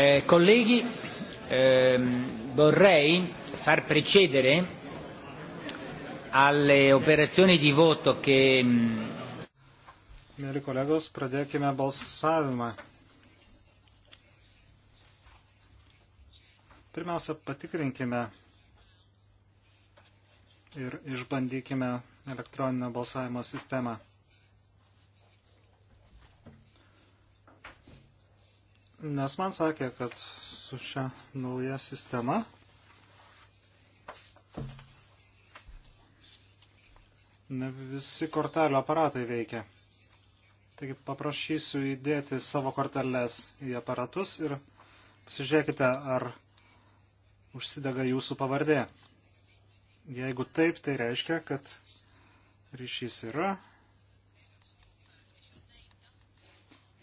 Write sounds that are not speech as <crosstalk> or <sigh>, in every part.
Eh, colleghi, ehm, vorrei far precedere alle operazioni di voto che. Mm, Mėly kolegos, pradėkime balsavimą. Pirmiausia, patikrinkime ir išbandykime elektroninio balsavimo sistemą. nes man sakė, kad su šia nauja sistema ne visi kortelių aparatai veikia. Taigi paprašysiu įdėti savo korteles į aparatus ir pasižiūrėkite, ar užsidega jūsų pavardė. Jeigu taip, tai reiškia, kad ryšys yra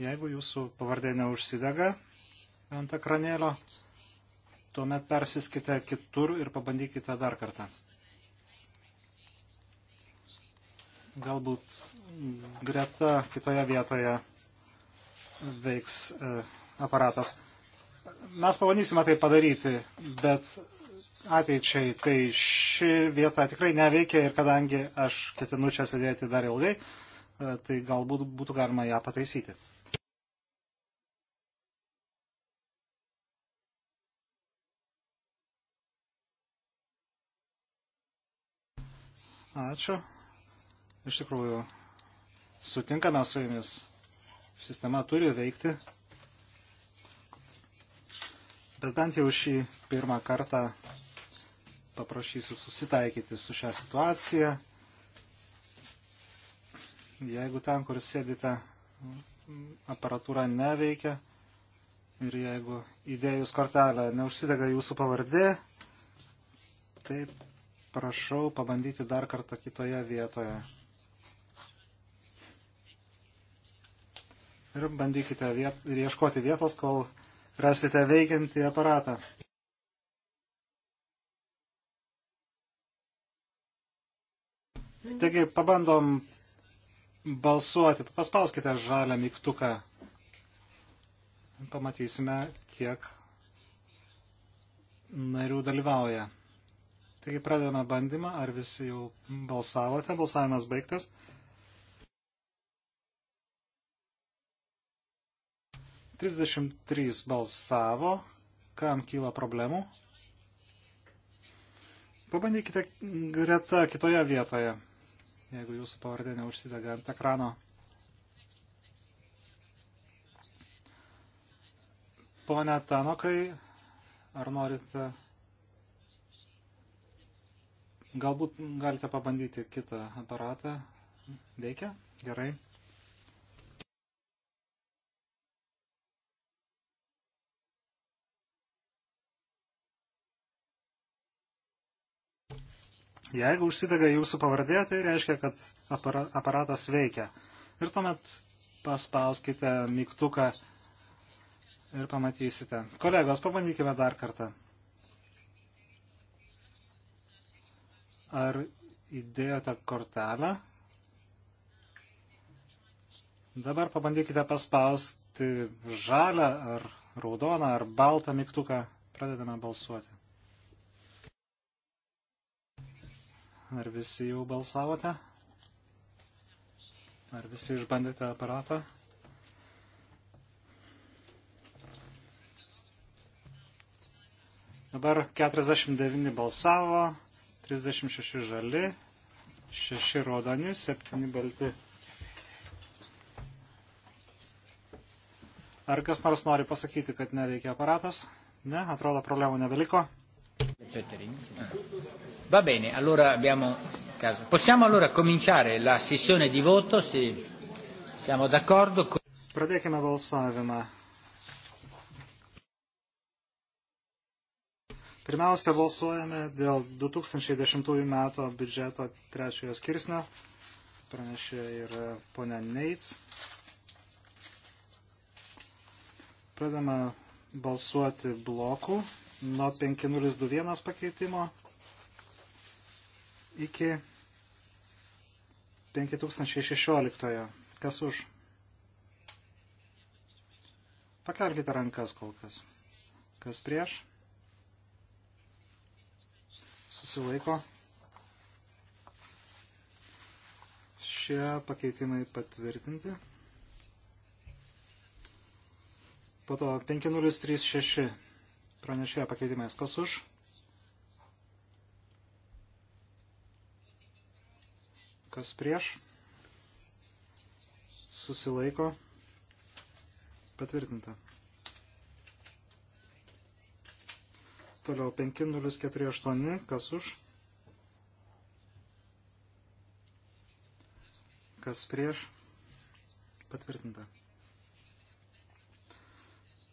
Jeigu jūsų pavardė neužsidega ant ekranėlio, tuomet persiskite kitur ir pabandykite dar kartą. Galbūt greta kitoje vietoje veiks e, aparatas. Mes pabandysime tai padaryti, bet ateičiai tai ši vieta tikrai neveikia ir kadangi aš ketinu čia sėdėti dar ilgai, e, tai galbūt būtų galima ją pataisyti. Ačiū. Iš tikrųjų, sutinkame su jumis. Sistema turi veikti. Bet bent jau šį pirmą kartą paprašysiu susitaikyti su šią situaciją. Jeigu ten, kur sėdite, aparatūra neveikia ir jeigu įdėjus kortelę neužsidega jūsų pavardė, taip prašau pabandyti dar kartą kitoje vietoje. Ir bandykite viet, ir ieškoti vietos, kol rasite veikiantį aparatą. Taigi pabandom balsuoti. Paspauskite žalią mygtuką. Pamatysime, kiek narių dalyvauja. Taigi pradedame bandymą, ar visi jau balsavote, balsavimas baigtas. Trisdešimt trys balsavo, kam kyla problemų. Pabandykite greta kitoje vietoje, jeigu jūsų pavardė neužsidega ant ekrano. Pone Tanokai, ar norite Galbūt galite pabandyti kitą aparatą. Veikia? Gerai. Jeigu užsidega jūsų pavardė, tai reiškia, kad apara, aparatas veikia. Ir tuomet paspauskite mygtuką ir pamatysite. Kolegos, pabandykime dar kartą. Ar įdėjote kortelę? Dabar pabandykite paspausti žalę ar raudoną ar baltą mygtuką. Pradedame balsuoti. Ar visi jau balsavote? Ar visi išbandėte aparatą? Dabar 49 balsavo, 36 žali, 6 rodoni, 7 balti. Ar kas nors nori pasakyti, kad nereikia aparatas? Ne, atrodo, problemų nebeliko. Va bene, allora abbiamo caso. Possiamo allora cominciare la sessione di voto, se siamo d'accordo. Pradėkime balsavimą. Pirmiausia, balsuojame dėl 2010 metų biudžeto trečiojo skirsnio. Pranešė ir ponia Neits. Pradame balsuoti blokų nuo 5021 pakeitimo iki 5016. Kas už? Pakelkite rankas kol kas. Kas prieš? susilaiko. Šie pakeitimai patvirtinti. Po to 5036 pranešėjo pakeitimais. Kas už? Kas prieš? Susilaiko. Patvirtinta. Toliau 5048, kas už, kas prieš, patvirtinta.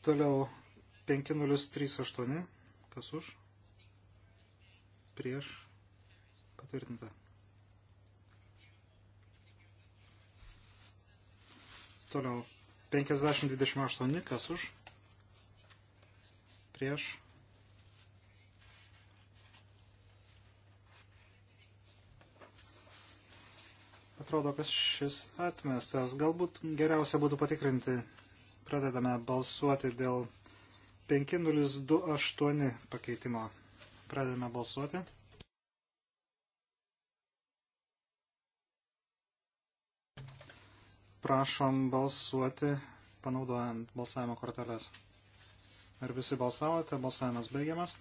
Toliau 5038, kas už, prieš, patvirtinta. Toliau 5028, kas už, prieš, patvirtinta Atrodo, kad šis atmestas. Galbūt geriausia būtų patikrinti. Pradedame balsuoti dėl 5028 pakeitimo. Pradedame balsuoti. Prašom balsuoti panaudojant balsavimo korteles. Ar visi balsavote? Balsavimas baigiamas.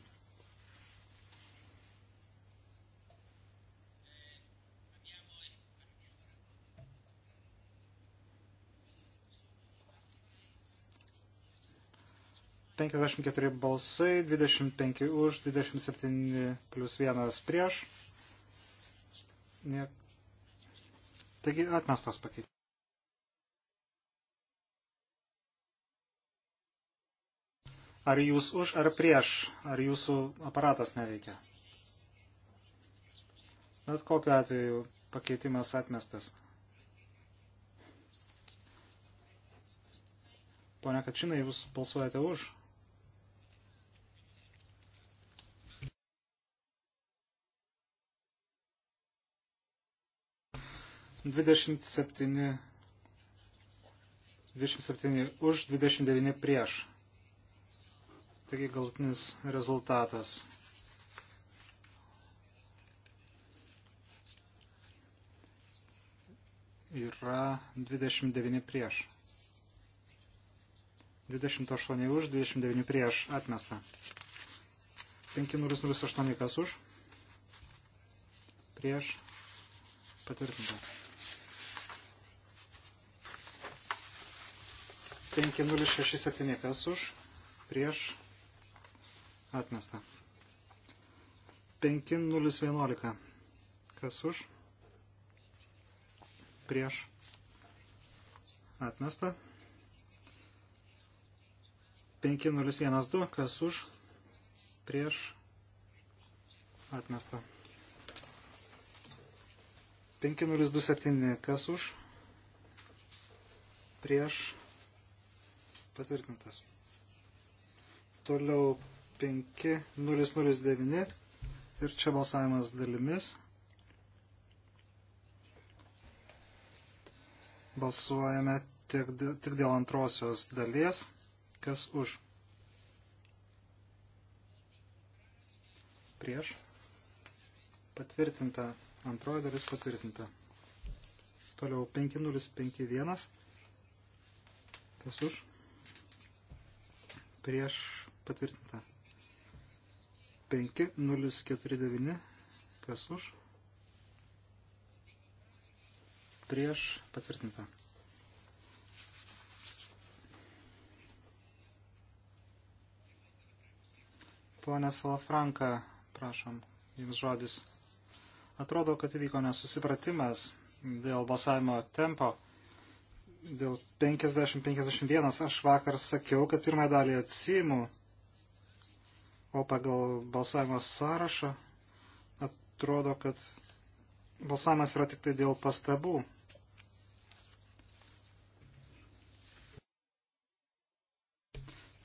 54 balsai, 25 už, 27 plus 1 prieš. Nie. Taigi atmestas pakeitimas. Ar jūs už ar prieš, ar jūsų aparatas neveikia. Bet kokiu atveju pakeitimas atmestas. Pone Kačinai, jūs balsuojate už? 27, 27 už, 29 prieš. Taigi galtinis rezultatas. Yra 29 prieš. 28 už, 29 prieš atmesta. 5008 kas už. Prieš patvirtinta. 5067 kas už, prieš, atmesta. 5011 kas už, prieš, atmesta. 5012 kas už, prieš, atmesta. 5027 kas už, prieš, atmesta patvirtintas. Toliau 5009 ir čia balsavimas dalimis. Balsuojame tik, tik dėl antrosios dalies, kas už. Prieš. Patvirtinta. Antroji dalis patvirtinta. Toliau 5051. Kas už? prieš patvirtinta. 5049, kas už, prieš patvirtinta. Pone Salafranka, prašom, jums žodis. Atrodo, kad įvyko nesusipratimas dėl balsavimo tempo dėl 50-51 aš vakar sakiau, kad pirmąją dalį atsimu, o pagal balsavimo sąrašą atrodo, kad balsavimas yra tik tai dėl pastabų.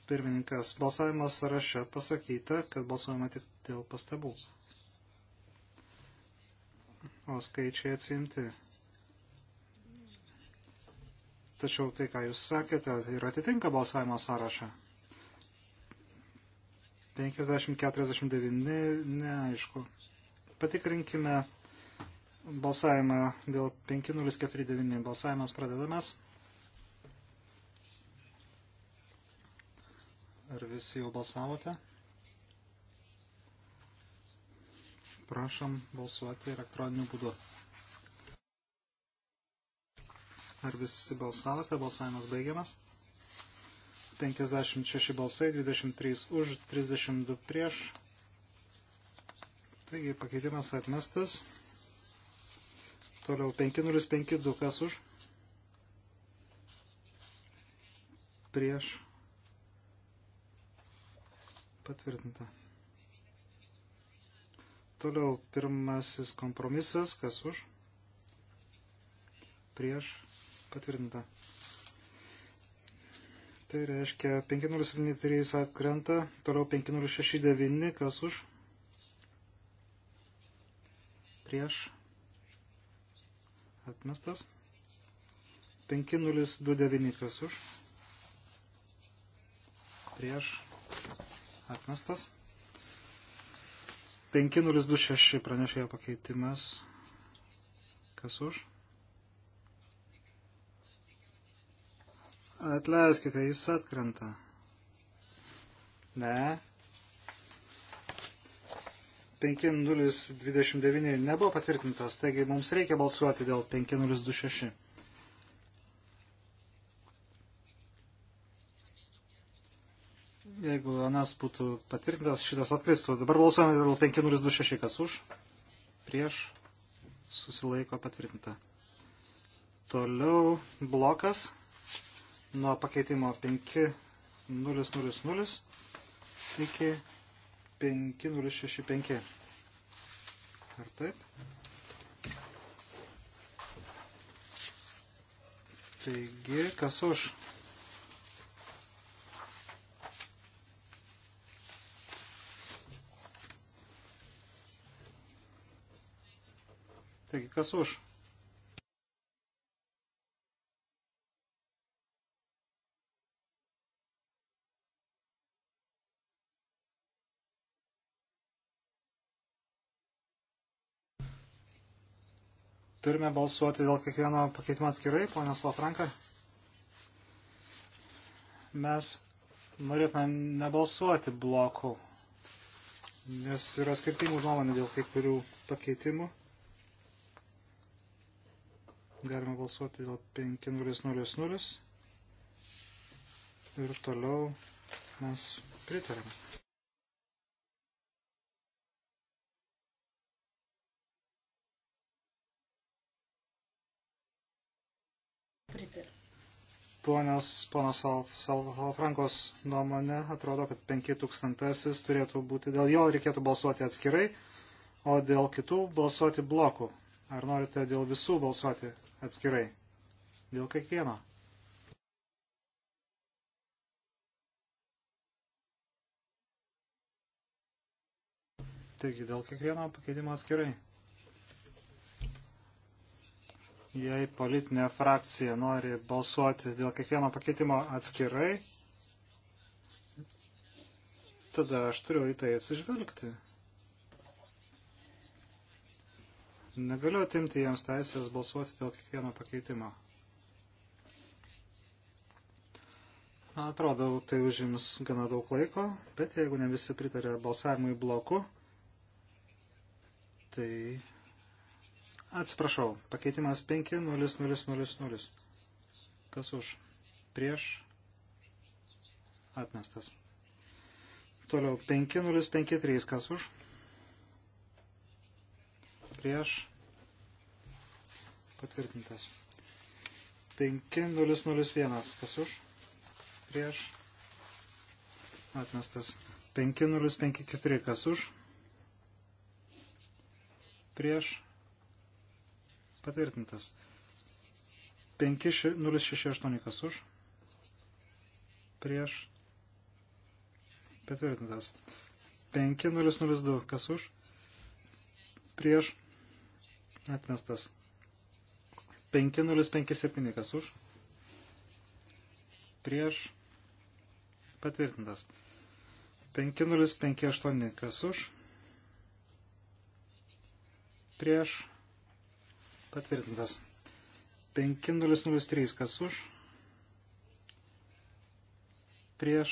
Pirmininkas, balsavimo sąraše pasakyta, kad balsuojama tik dėl pastabų. O skaičiai atsimti. Tačiau tai, ką jūs sakėte, ir atitinka balsavimo sąrašą. 50-49, neaišku. Patikrinkime balsavimą dėl 5049. Balsavimas pradedamas. Ar visi jau balsavote? Prašom balsuoti elektroniniu būdu. Ar visi balsavote? Balsavimas baigiamas. 56 balsai, 23 už, 32 prieš. Taigi pakeitimas atmestas. Toliau 5052 kas už. Prieš. Patvirtinta. Toliau pirmasis kompromisas kas už. Prieš patvirtinta. Tai reiškia 5073 atkrenta, toliau 5069, kas už, prieš, atmestas, 5029, kas už, prieš, atmestas, 5026 pranešėjo pakeitimas, kas už, prieš, atmestas. Atleiskite, jis atkrenta. Ne. 5029 nebuvo patvirtintas, taigi mums reikia balsuoti dėl 5026. Jeigu anas būtų patvirtintas, šitas atkristų. Dabar balsuojame dėl 5026, kas už, prieš, susilaiko patvirtinta. Toliau blokas nuo pakeitimo 5000 iki 5065. Ar taip? Taigi, kas už? Taigi, kas už? Turime balsuoti dėl kiekvieno pakeitimo atskirai, ponios Lafranka. Mes norėtume nebalsuoti blokų, nes yra skirtingų nuomonių dėl kai kurių pakeitimų. Galima balsuoti dėl 5000 ir toliau mes pritarėme. Ponios, ponas Salafrankos Sal, nuomonė atrodo, kad 5000 turėtų būti, dėl jo reikėtų balsuoti atskirai, o dėl kitų balsuoti blokų. Ar norite dėl visų balsuoti atskirai? Dėl kiekvieno. Taigi dėl kiekvieno pakeitimo atskirai. jei politinė frakcija nori balsuoti dėl kiekvieno pakeitimo atskirai, tada aš turiu į tai atsižvelgti. Negaliu atimti jiems teisės balsuoti dėl kiekvieno pakeitimo. Man atrodo, tai užims gana daug laiko, bet jeigu ne visi pritarė balsavimui bloku, tai Atsiprašau, pakeitimas 50000. Kas už? Prieš? Atmestas. Toliau 5053. Kas už? Prieš? Patvirtintas. 5001. Kas už? Prieš? Atmestas. 5054. Kas už? Prieš? patvirtintas. 5068 kas už, prieš, patvirtintas. 5002 kas už, prieš, atmestas. 5057 kas už, prieš, patvirtintas. 5058 kas už, prieš, Patvirtintas. 5003, kas už? Prieš.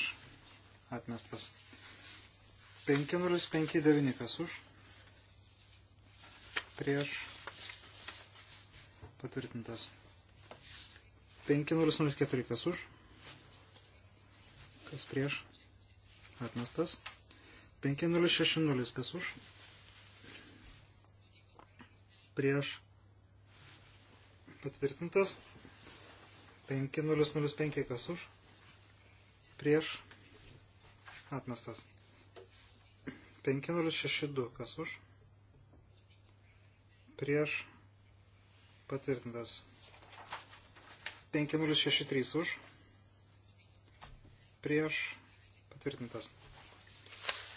Atmestas. 5059, kas už? Prieš. Patvirtintas. 5004, kas už? Kas prieš? Atmestas. 5060, kas už? Prieš patvirtintas. 5005 kas už, prieš atmestas. 5062 kas už, prieš patvirtintas. 5063 už, prieš patvirtintas.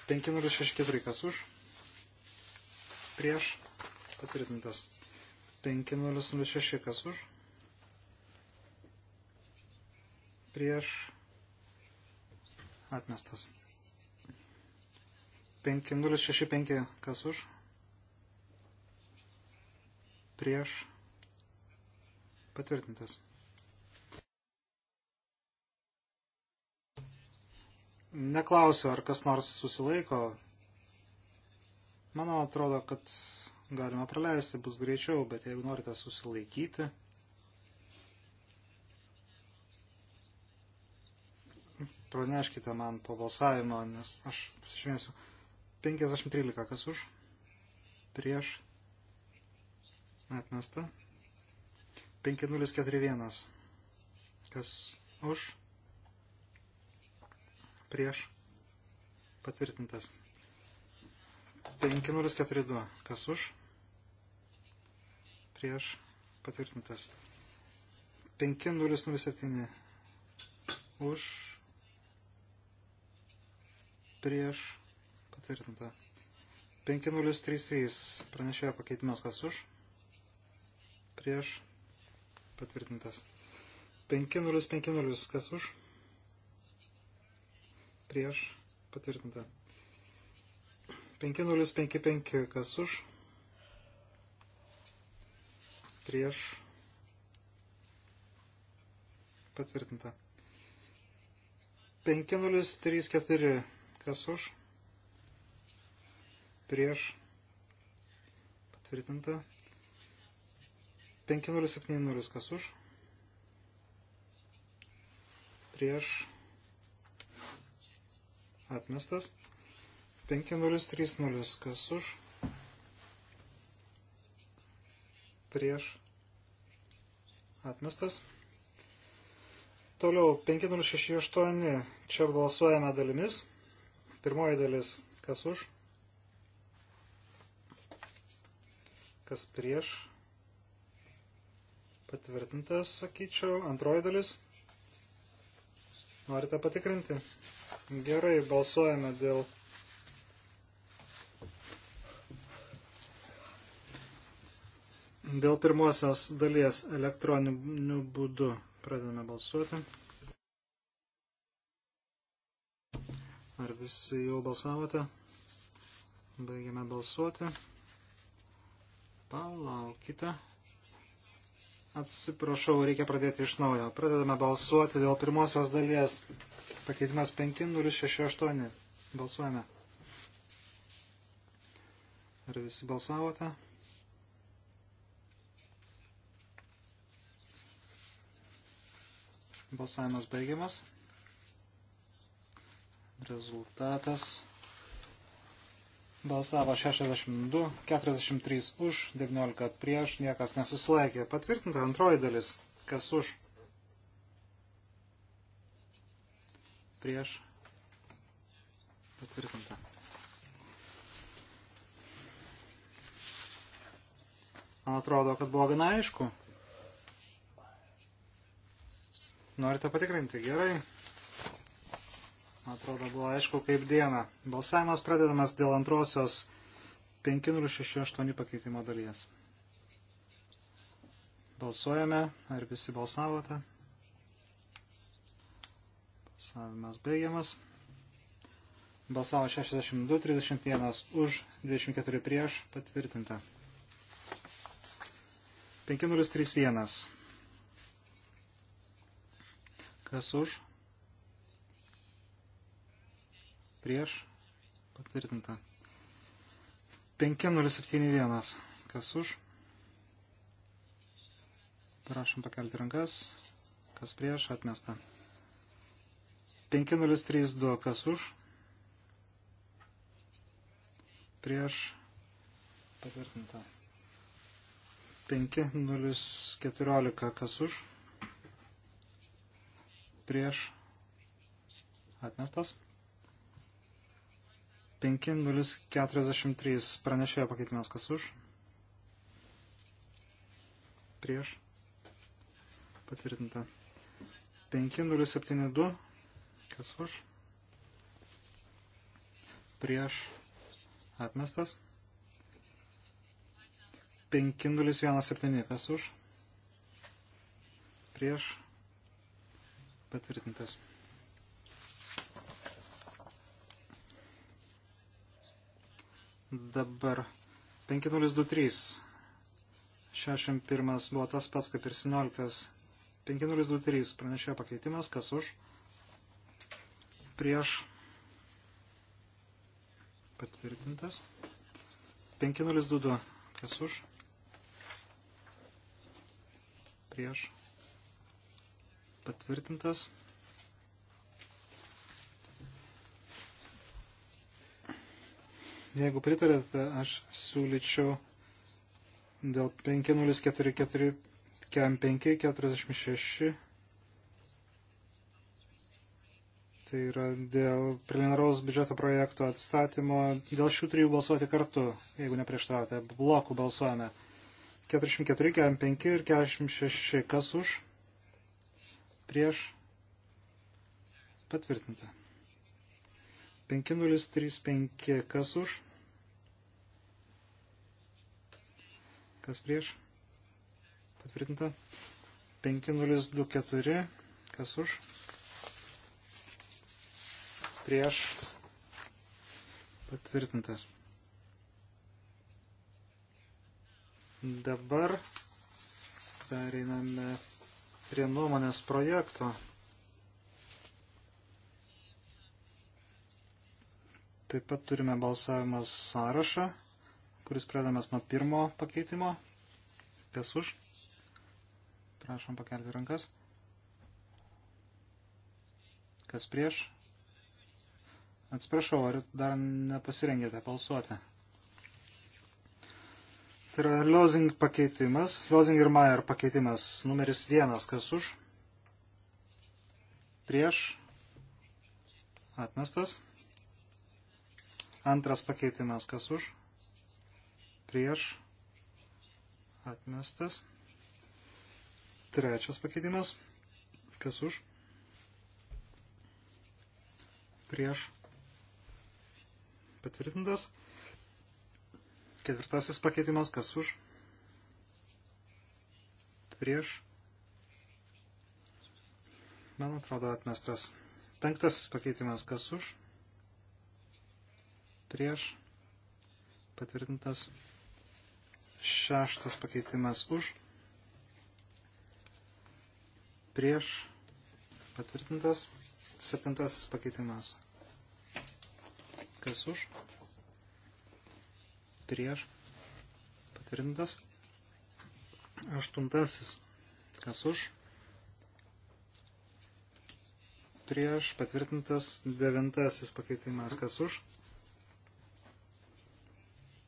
5064 kas už, prieš patvirtintas. 5006 kas už. Prieš atmestas. 5065 kas už. Prieš patvirtintas. Neklausiu, ar kas nors susilaiko. Manau, atrodo, kad galima praleisti, bus greičiau, bet jeigu norite susilaikyti, praneškite man po balsavimo, nes aš pasišviesiu 50-13, kas už, prieš, atmesta, 5041, kas už, prieš, patvirtintas, 5042, kas už, prieš patvirtintas. 5007 už prieš patvirtinta. 5033 pranešėjo pakeitimas kas už prieš patvirtintas. 5050 kas už prieš patvirtinta. 5055 kas už prieš patvirtinta. 5034 kas už prieš patvirtinta. 5070 kas už prieš atmestas. 5030 kas už prieš atmestas. Toliau 5068. Čia balsuojame dalimis. Pirmoji dalis kas už, kas prieš. Patvirtintas, sakyčiau, antroji dalis. Norite patikrinti? Gerai, balsuojame dėl Dėl pirmosios dalies elektroniniu būdu pradedame balsuoti. Ar visi jau balsavote? Baigiame balsuoti. Palaukite. Atsiprašau, reikia pradėti iš naujo. Pradedame balsuoti dėl pirmosios dalies. Pakeitimas 5068. Balsuojame. Ar visi balsavote? Balsavimas baigiamas. Rezultatas. Balsavo 62, 43 už, 19 prieš, niekas nesusilaikė. Patvirtinta antroji dalis. Kas už? Prieš. Patvirtinta. Man atrodo, kad buvo gana aišku. Norite patikrinti? Gerai. Atrodo, buvo aišku kaip diena. Balsavimas pradedamas dėl antrosios 5068 pakeitimo dalies. Balsuojame. Ar visi balsavote? Balsavimas baigiamas. Balsavo 62, 31 už, 24 prieš, patvirtinta. 5031. Kas už? Prieš. Patvirtinta. 5071. Kas už? Prašom pakelti rankas. Kas prieš? Atmesta. 5032. Kas už? Prieš. Patvirtinta. 5014. Kas už? prieš atmestas. 5043 pranešėjo pakeitimas kas už. Prieš. Patvirtinta. 5072 kas už. Prieš. Atmestas. 5017 kas už. Prieš patvirtintas. Dabar 5023. 61 buvo tas pats kaip ir 17. 5023 pranešėjo pakeitimas, kas už, prieš, patvirtintas. 5022, kas už, prieš, patvirtintas. Jeigu pritarėte, aš siūlyčiau dėl 5044 KM5 46. Tai yra dėl preliminaraus biudžeto projekto atstatymo. Dėl šių trijų balsuoti kartu, jeigu neprieštaravote, blokų balsuojame. 44, 45 ir 46. Kas už? prieš patvirtinta. 5035 kas už, kas prieš patvirtinta. 5024 kas už, prieš patvirtintas. Dabar pereiname prie nuomonės projekto. Taip pat turime balsavimą sąrašą, kuris pradedamas nuo pirmo pakeitimo. Kas už? Prašom pakelti rankas. Kas prieš? Atsiprašau, ar dar nepasirengėte balsuoti? Tai yra Lozing pakeitimas, Lozing ir Mayer pakeitimas, numeris vienas, kas už, prieš, atmestas. Antras pakeitimas, kas už, prieš, atmestas. Trečias pakeitimas, kas už, prieš, patvirtintas. Ketvirtasis pakeitimas, kas už? Prieš. Man atrodo atmestas. Penktasis pakeitimas, kas už? Prieš. Patvirtintas. Šeštas pakeitimas už. Prieš. Patvirtintas. Septintasis pakeitimas. Kas už? Prieš prieš, patvirtintas. Aštuntasis, kas už, prieš, patvirtintas. Devintasis pakeitimas, kas už,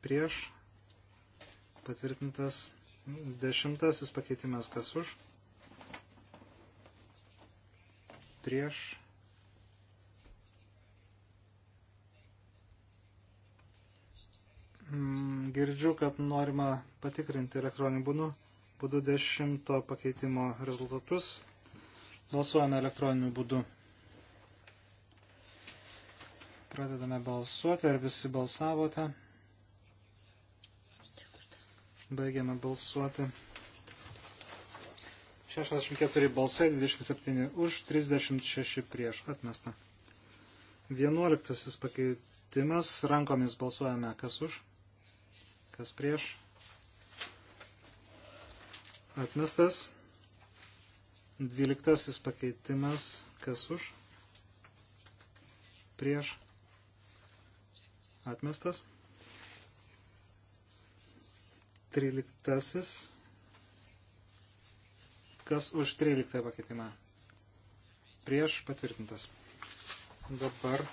prieš, patvirtintas. Dešimtasis pakeitimas, kas už, prieš, Mm, girdžiu, kad norima patikrinti elektroniniu būdu, būdu dešimto pakeitimo rezultatus. Balsuojame elektroniniu būdu. Pradedame balsuoti, ar visi balsavote. Baigiame balsuoti. 64 balsai, 27 už, 36 prieš. Atmesta. 11 pakeitimas. Rankomis balsuojame, kas už kas prieš, atmestas. Dvyliktasis pakeitimas, kas už, prieš, atmestas. Tryliktasis, kas už tryliktąją pakeitimą, prieš, patvirtintas. Dabar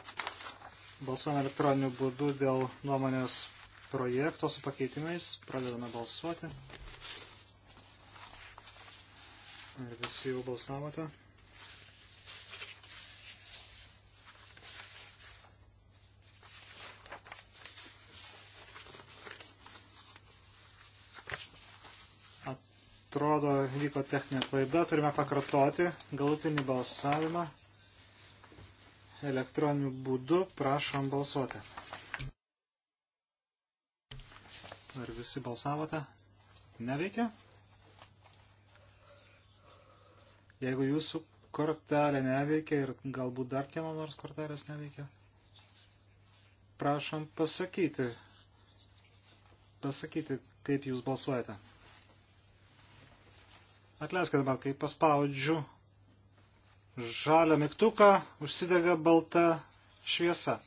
balsuojame elektroniniu būdu dėl nuomonės projekto su pakeitimais. Pradedame balsuoti. Ir visi jau balsavote. Atrodo, vyko techninė klaida. Turime pakartoti galutinį balsavimą elektroniniu būdu. Prašom balsuoti. Ar visi balsavote? Neveikia? Jeigu jūsų kortelė neveikia ir galbūt dar kieno nors kortelės neveikia, prašom pasakyti, pasakyti, kaip jūs balsuojate. Atleiskite man, kai paspaudžiu žalią mygtuką, užsidega balta šviesa.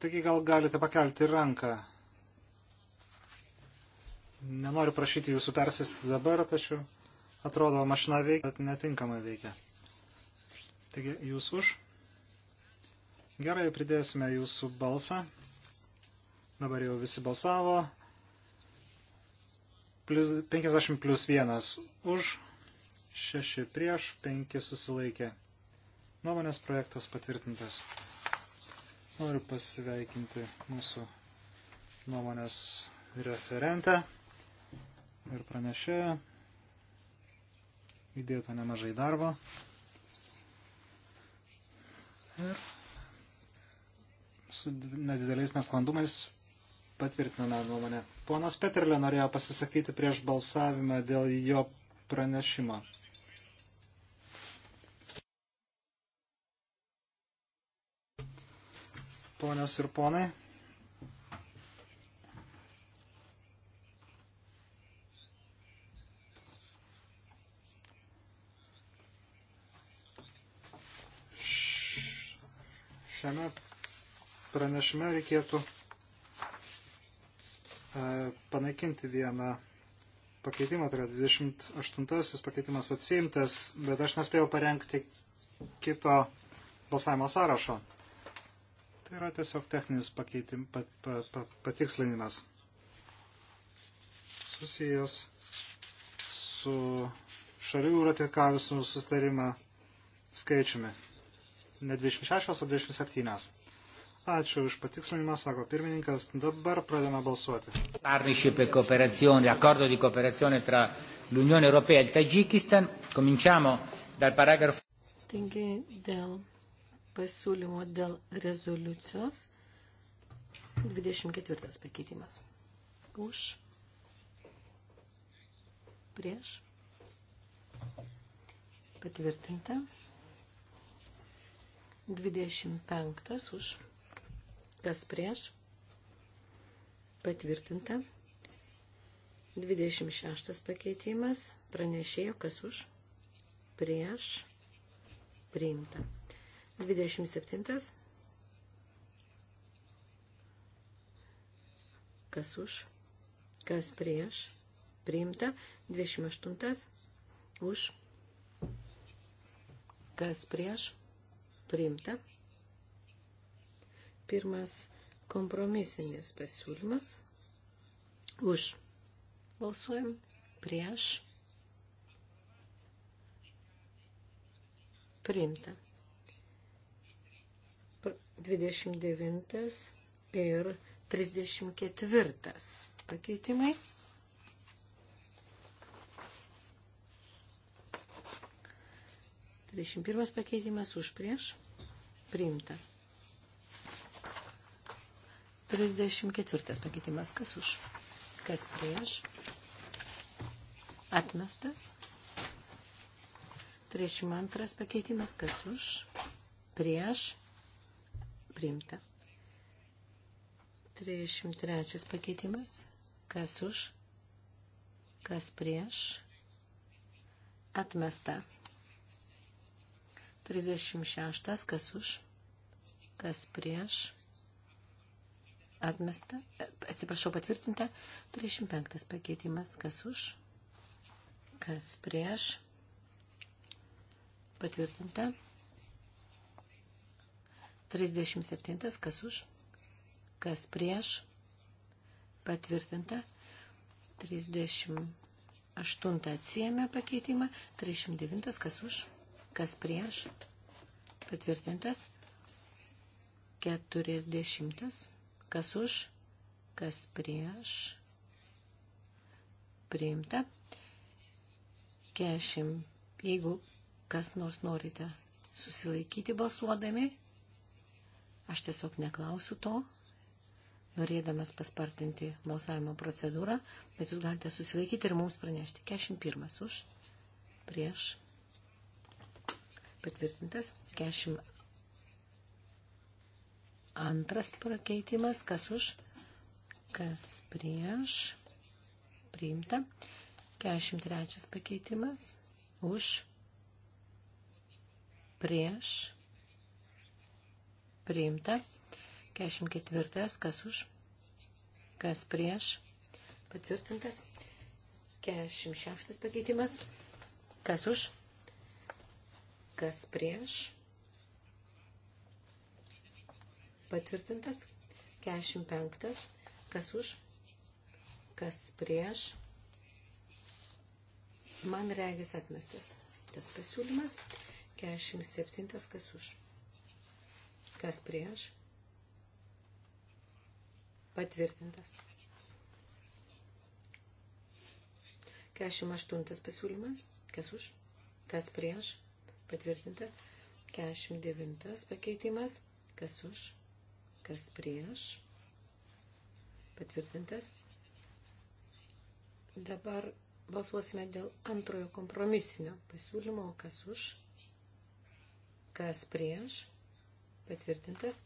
Taigi gal galite pakelti ranką. Nenoriu prašyti jūsų persėsti dabar, tačiau atrodo mašina veikia, bet netinkamai veikia. Taigi jūs už. Gerai, pridėsime jūsų balsą. Dabar jau visi balsavo. Plus, 50 plus 1 už, 6 prieš, 5 susilaikė. Nuomonės projektas patvirtintas. Noriu pasveikinti mūsų nuomonės referentę ir pranešėją. Įdėta nemažai darbo. Ir su nedideliais nesklandumais patvirtiname nuomonę. Ponas Peterlė norėjo pasisakyti prieš balsavimą dėl jo pranešimo. ponios ir ponai. Šiame pranešime reikėtų e, panaikinti vieną pakeitimą, tai yra 28 pakeitimas atsiimtas, bet aš nespėjau parengti kito balsavimo sąrašo. Tai yra tiesiog techninis pakeitim, pat, pat, pat, patikslinimas susijęs su šalių ratifikavusių sustarimą skaičiumi. Ne 26, o 27. Ačiū už patikslinimą, sako pirmininkas. Dabar pradame balsuoti. Partnership e cooperazione, accordo di cooperazione tra l'Unione Europea e il Tagikistan. Cominciamo dal paragrafo. Taigi dėl pasiūlymo dėl rezoliucijos 24 pakeitimas. Už, prieš, patvirtinta. 25 už, kas prieš, patvirtinta. 26 pakeitimas, pranešėjo, kas už, prieš, priimta. 27. Kas už, kas prieš, priimta. 28. Už, kas prieš, priimta. Pirmas kompromisinis pasiūlymas. Už. Balsuojam prieš. Priimta. 29 ir 34 pakeitimai. Dvidešimt pirmas pakeitimas už prieš priimta. 34 pakeitimas. Kas už? Kas prieš? Atmestas. 32 pakeitimas. Kas už? Prieš? priimta. 33 pakeitimas. Kas už, kas prieš, atmesta. 36 kas už, kas prieš, atmesta. E, atsiprašau, patvirtinta. 35 pakeitimas. Kas už, kas prieš, patvirtinta. 37. Kas už? Kas prieš? Patvirtinta. 38. Atsijėmė pakeitimą. 39. Kas už? Kas prieš? Patvirtintas. 40. Kas už? Kas prieš? Priimta. 40. Jeigu kas nors norite susilaikyti balsuodami, Aš tiesiog neklausiu to, norėdamas paspartinti balsavimo procedūrą, bet jūs galite susilaikyti ir mums pranešti. 41 už, prieš, patvirtintas, 42 pakeitimas, kas už, kas prieš, priimta, 43 pakeitimas, už, prieš, prieš, priimta. 44. Kas už, kas prieš, patvirtintas. 46. Pakeitimas. Kas už, kas prieš, patvirtintas. 45. Kas už, kas prieš. Man regis atmestas tas pasiūlymas. 47. Kas už. Kas prieš? Patvirtintas. 48 pasiūlymas. Kas už? Kas prieš? Patvirtintas. 49 pakeitimas. Kas už? Kas prieš? Patvirtintas. Dabar balsuosime dėl antrojo kompromisinio pasiūlymo. Kas už? Kas prieš? patvirtintas.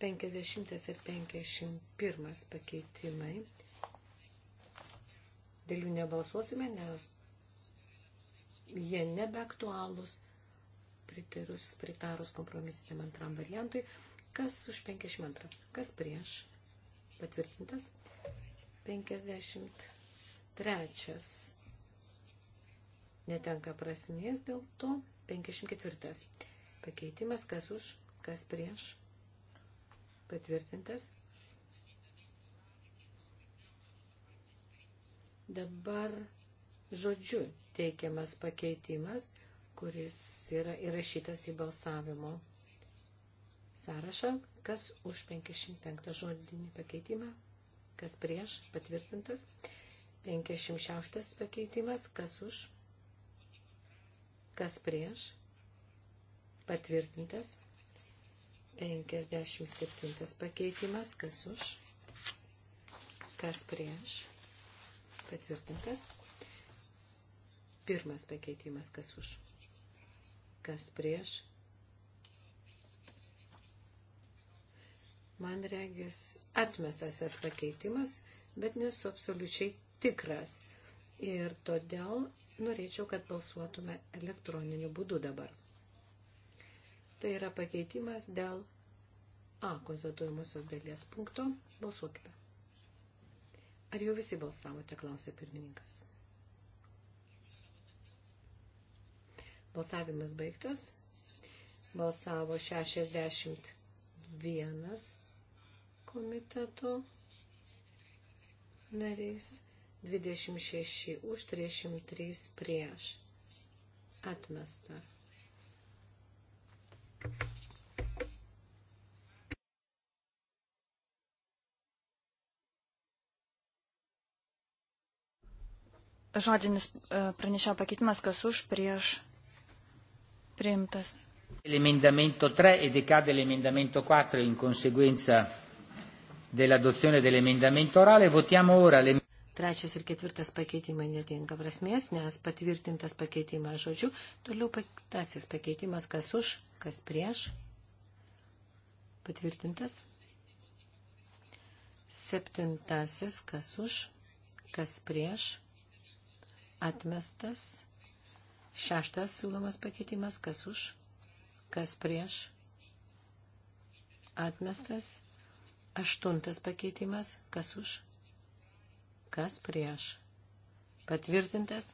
50 ir 51 pakeitimai. Dėl jų nebalsuosime, nes jie nebeaktualūs pritarus, pritarus kompromisiniam antram variantui. Kas už 52? Kas prieš? Patvirtintas. 53. Netenka prasmės dėl to. 54. Pakeitimas kas už, kas prieš. Patvirtintas. Dabar žodžiu teikiamas pakeitimas, kuris yra įrašytas į balsavimo sąrašą. Kas už 55 žodinį pakeitimą, kas prieš, patvirtintas. 56 pakeitimas, kas už, Kas prieš? Patvirtintas. 57 pakeitimas. Kas už? Kas prieš? Patvirtintas. Pirmas pakeitimas. Kas už? Kas prieš? Man regis atmestas tas pakeitimas, bet nesu absoliučiai tikras. Ir todėl Norėčiau, kad balsuotume elektroniniu būdu dabar. Tai yra pakeitimas dėl A konstatuojamosios dalies punkto. Balsuokime. Ar jau visi balsavote, klausė pirmininkas. Balsavimas baigtas. Balsavo 61 komiteto narys 26 už 33 prieš. Atmesta. Žodinis e, pranešėjo pakeitimas, kas už prieš priimtas. L'emendamento 3 e decade l'emendamento 4 in conseguenza dell'adozione dell'emendamento orale. Votiamo ora l'emendamento. Trečias ir ketvirtas pakeitimai netinka prasmės, nes patvirtintas pakeitimas žodžiu. Toliau tasis pakeitimas, kas už, kas prieš. Patvirtintas. Septintasis, kas už, kas prieš. Atmestas. Šeštas siūlomas pakeitimas, kas už, kas prieš. Atmestas. Aštuntas pakeitimas, kas už, kas prieš. Patvirtintas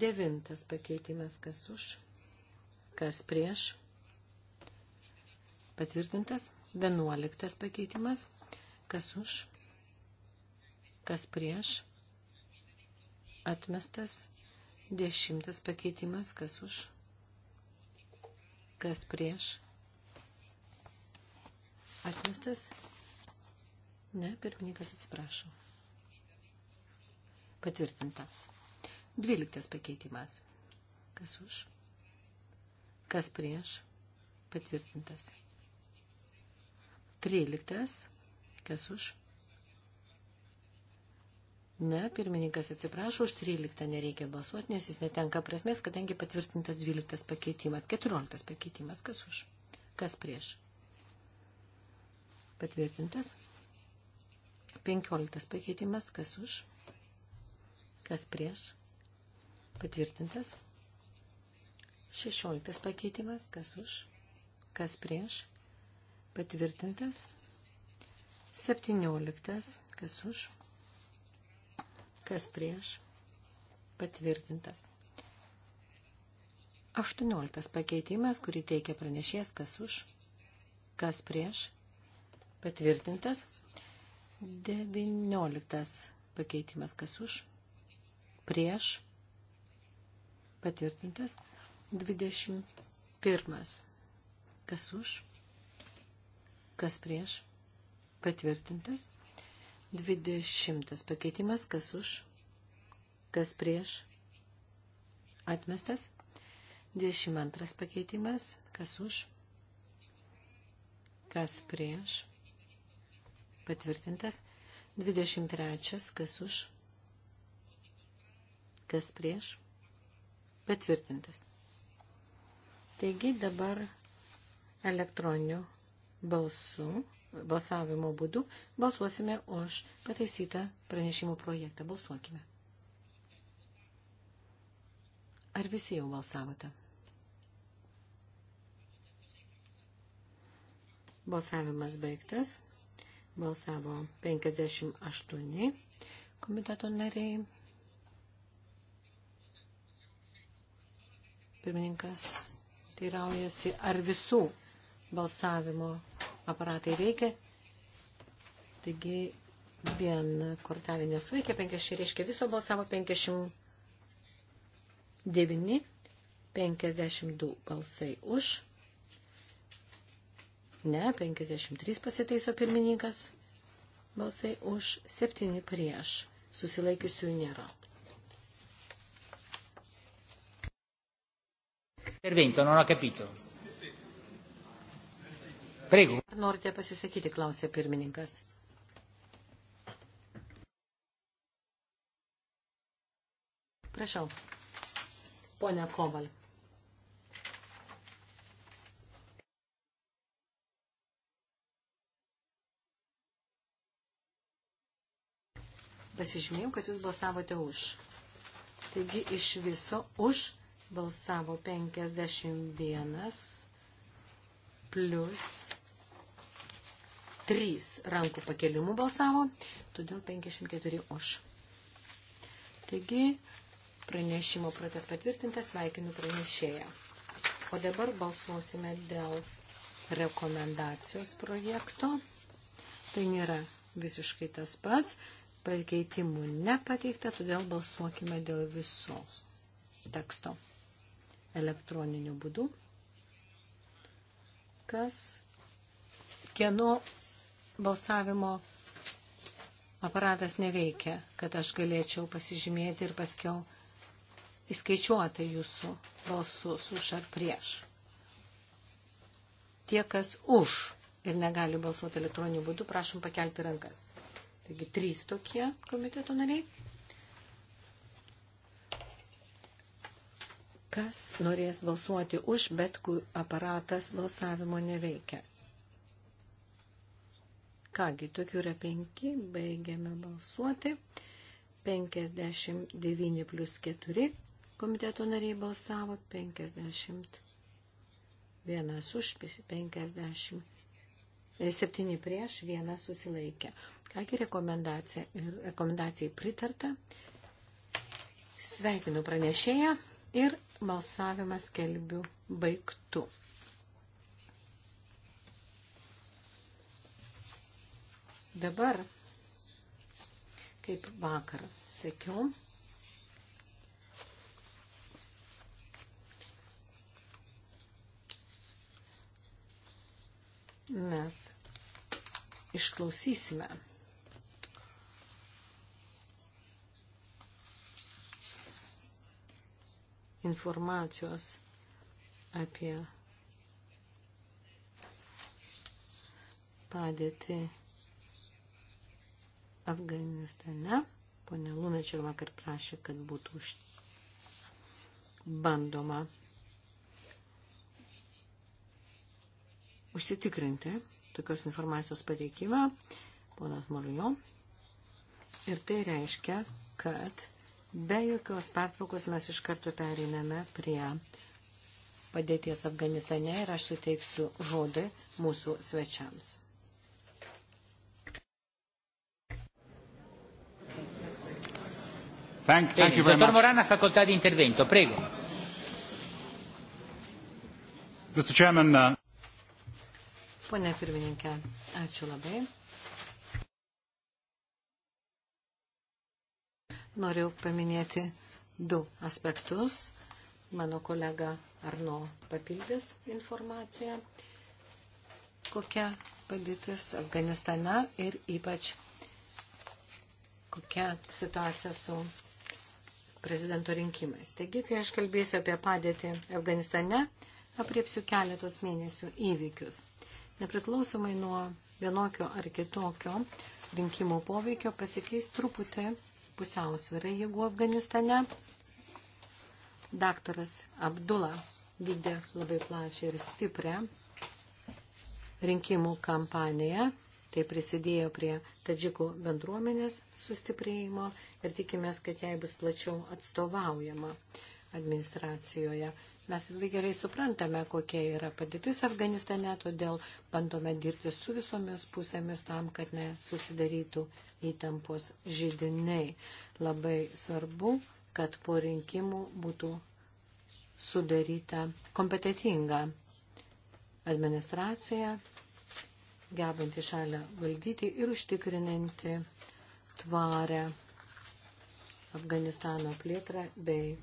devintas pakeitimas, kas už, kas prieš. Patvirtintas vienuoliktas pakeitimas, kas už, kas prieš. Atmestas dešimtas pakeitimas, kas už, kas prieš. Atmestas. Ne, pirmininkas atsiprašau. Patvirtintas. Dvyliktas pakeitimas. Kas už? Kas prieš? Patvirtintas. Tryliktas. Kas už? Ne, pirmininkas atsiprašo, už 13 nereikia balsuoti, nes jis netenka prasmės, kadangi patvirtintas 12 pakeitimas, 14 pakeitimas, kas už, kas prieš. Patvirtintas 15 pakeitimas, kas už, kas prieš, patvirtintas. 16 pakeitimas, kas už, kas prieš, patvirtintas. 17, kas už, kas prieš, patvirtintas. 18 pakeitimas, kurį teikia pranešės, kas už, kas prieš, patvirtintas. 19 pakeitimas, kas už, prieš, patvirtintas, 21. Kas už, kas prieš, patvirtintas, 20. Pakeitimas, kas už, kas prieš, atmestas, 22. Pakeitimas, kas už, kas prieš, patvirtintas, 23. Kas už, kas prieš, patvirtintas. Taigi dabar elektroniniu balsu, balsavimo būdu, balsuosime už pataisytą pranešimų projektą. Balsuokime. Ar visi jau balsavote? Balsavimas baigtas. Balsavo 58 komiteto nariai, Pirmininkas teiraujasi, ar visų balsavimo aparatai veikia. Taigi vien kortelė nesuveikia, 56 reiškia viso balsavo 59, 52 balsai už. Ne, 53 pasitaiso pirmininkas, balsai už, 7 prieš. Susilaikiusių nėra. Intervento, non ho capito. Prego. Ar norite pasisakyti, klausė pirmininkas. Prašau. Pone Koval. Pasižymėjau, kad jūs balsavote už. Taigi iš viso už balsavo 51 plus 3 rankų pakelimų balsavo, todėl 54 už. Taigi pranešimo protes patvirtintas, sveikinu pranešėją. O dabar balsuosime dėl rekomendacijos projekto. Tai nėra visiškai tas pats, pakeitimų nepateikta, todėl balsuokime dėl visos teksto elektroniniu būdu. Kas kieno balsavimo aparatas neveikia, kad aš galėčiau pasižymėti ir paskiau įskaičiuoti jūsų balsus už ar prieš. Tie, kas už ir negali balsuoti elektroniniu būdu, prašom pakelti rankas. Taigi trys tokie komiteto nariai. kas norės balsuoti už, bet kur aparatas balsavimo neveikia. Kągi, tokių yra penki, baigiame balsuoti. 59 plus 4 komiteto nariai balsavo, 51 už, 57 prieš, 1 susilaikė. Kągi rekomendacija, rekomendacijai pritarta. Sveikinu pranešėją ir balsavimas kelbiu baigtų. Dabar, kaip vakar sakiau, mes išklausysime informacijos apie padėtį Afganistane. Pone Lunačia vakar prašė, kad būtų už... bandoma užsitikrinti tokios informacijos pateikimą, ponas Molijo. Ir tai reiškia, kad Be jokios pertraukos mes iš karto pereiname prie padėties Afganistane ir aš suteiksiu žodį mūsų svečiams. Thank, thank you very much. Dottor Morana, facoltà di intervento, prego. Mr. Chairman, uh... Pone pirmininkė, ačiū labai. Noriu paminėti du aspektus. Mano kolega Arno papildys informaciją, kokia padėtis Afganistane ir ypač kokia situacija su prezidento rinkimais. Taigi, kai aš kalbėsiu apie padėtį Afganistane, apriepsiu keletos mėnesių įvykius. Nepriklausomai nuo vienokio ar kitokio rinkimų poveikio pasikeis truputį pusiausvyrą jėgų Afganistane. Daktaras Abdula vykdė labai plačią ir stiprią rinkimų kampaniją. Tai prisidėjo prie tadžikų bendruomenės sustiprėjimo ir tikimės, kad jai bus plačiau atstovaujama administracijoje. Mes labai gerai suprantame, kokia yra padėtis Afganistane, todėl bandome dirbti su visomis pusėmis tam, kad nesusidarytų įtampos žydiniai. Labai svarbu, kad po rinkimų būtų sudaryta kompetitinga administracija, gebanti šalį valdyti ir užtikrinanti tvarę Afganistano plėtrą bei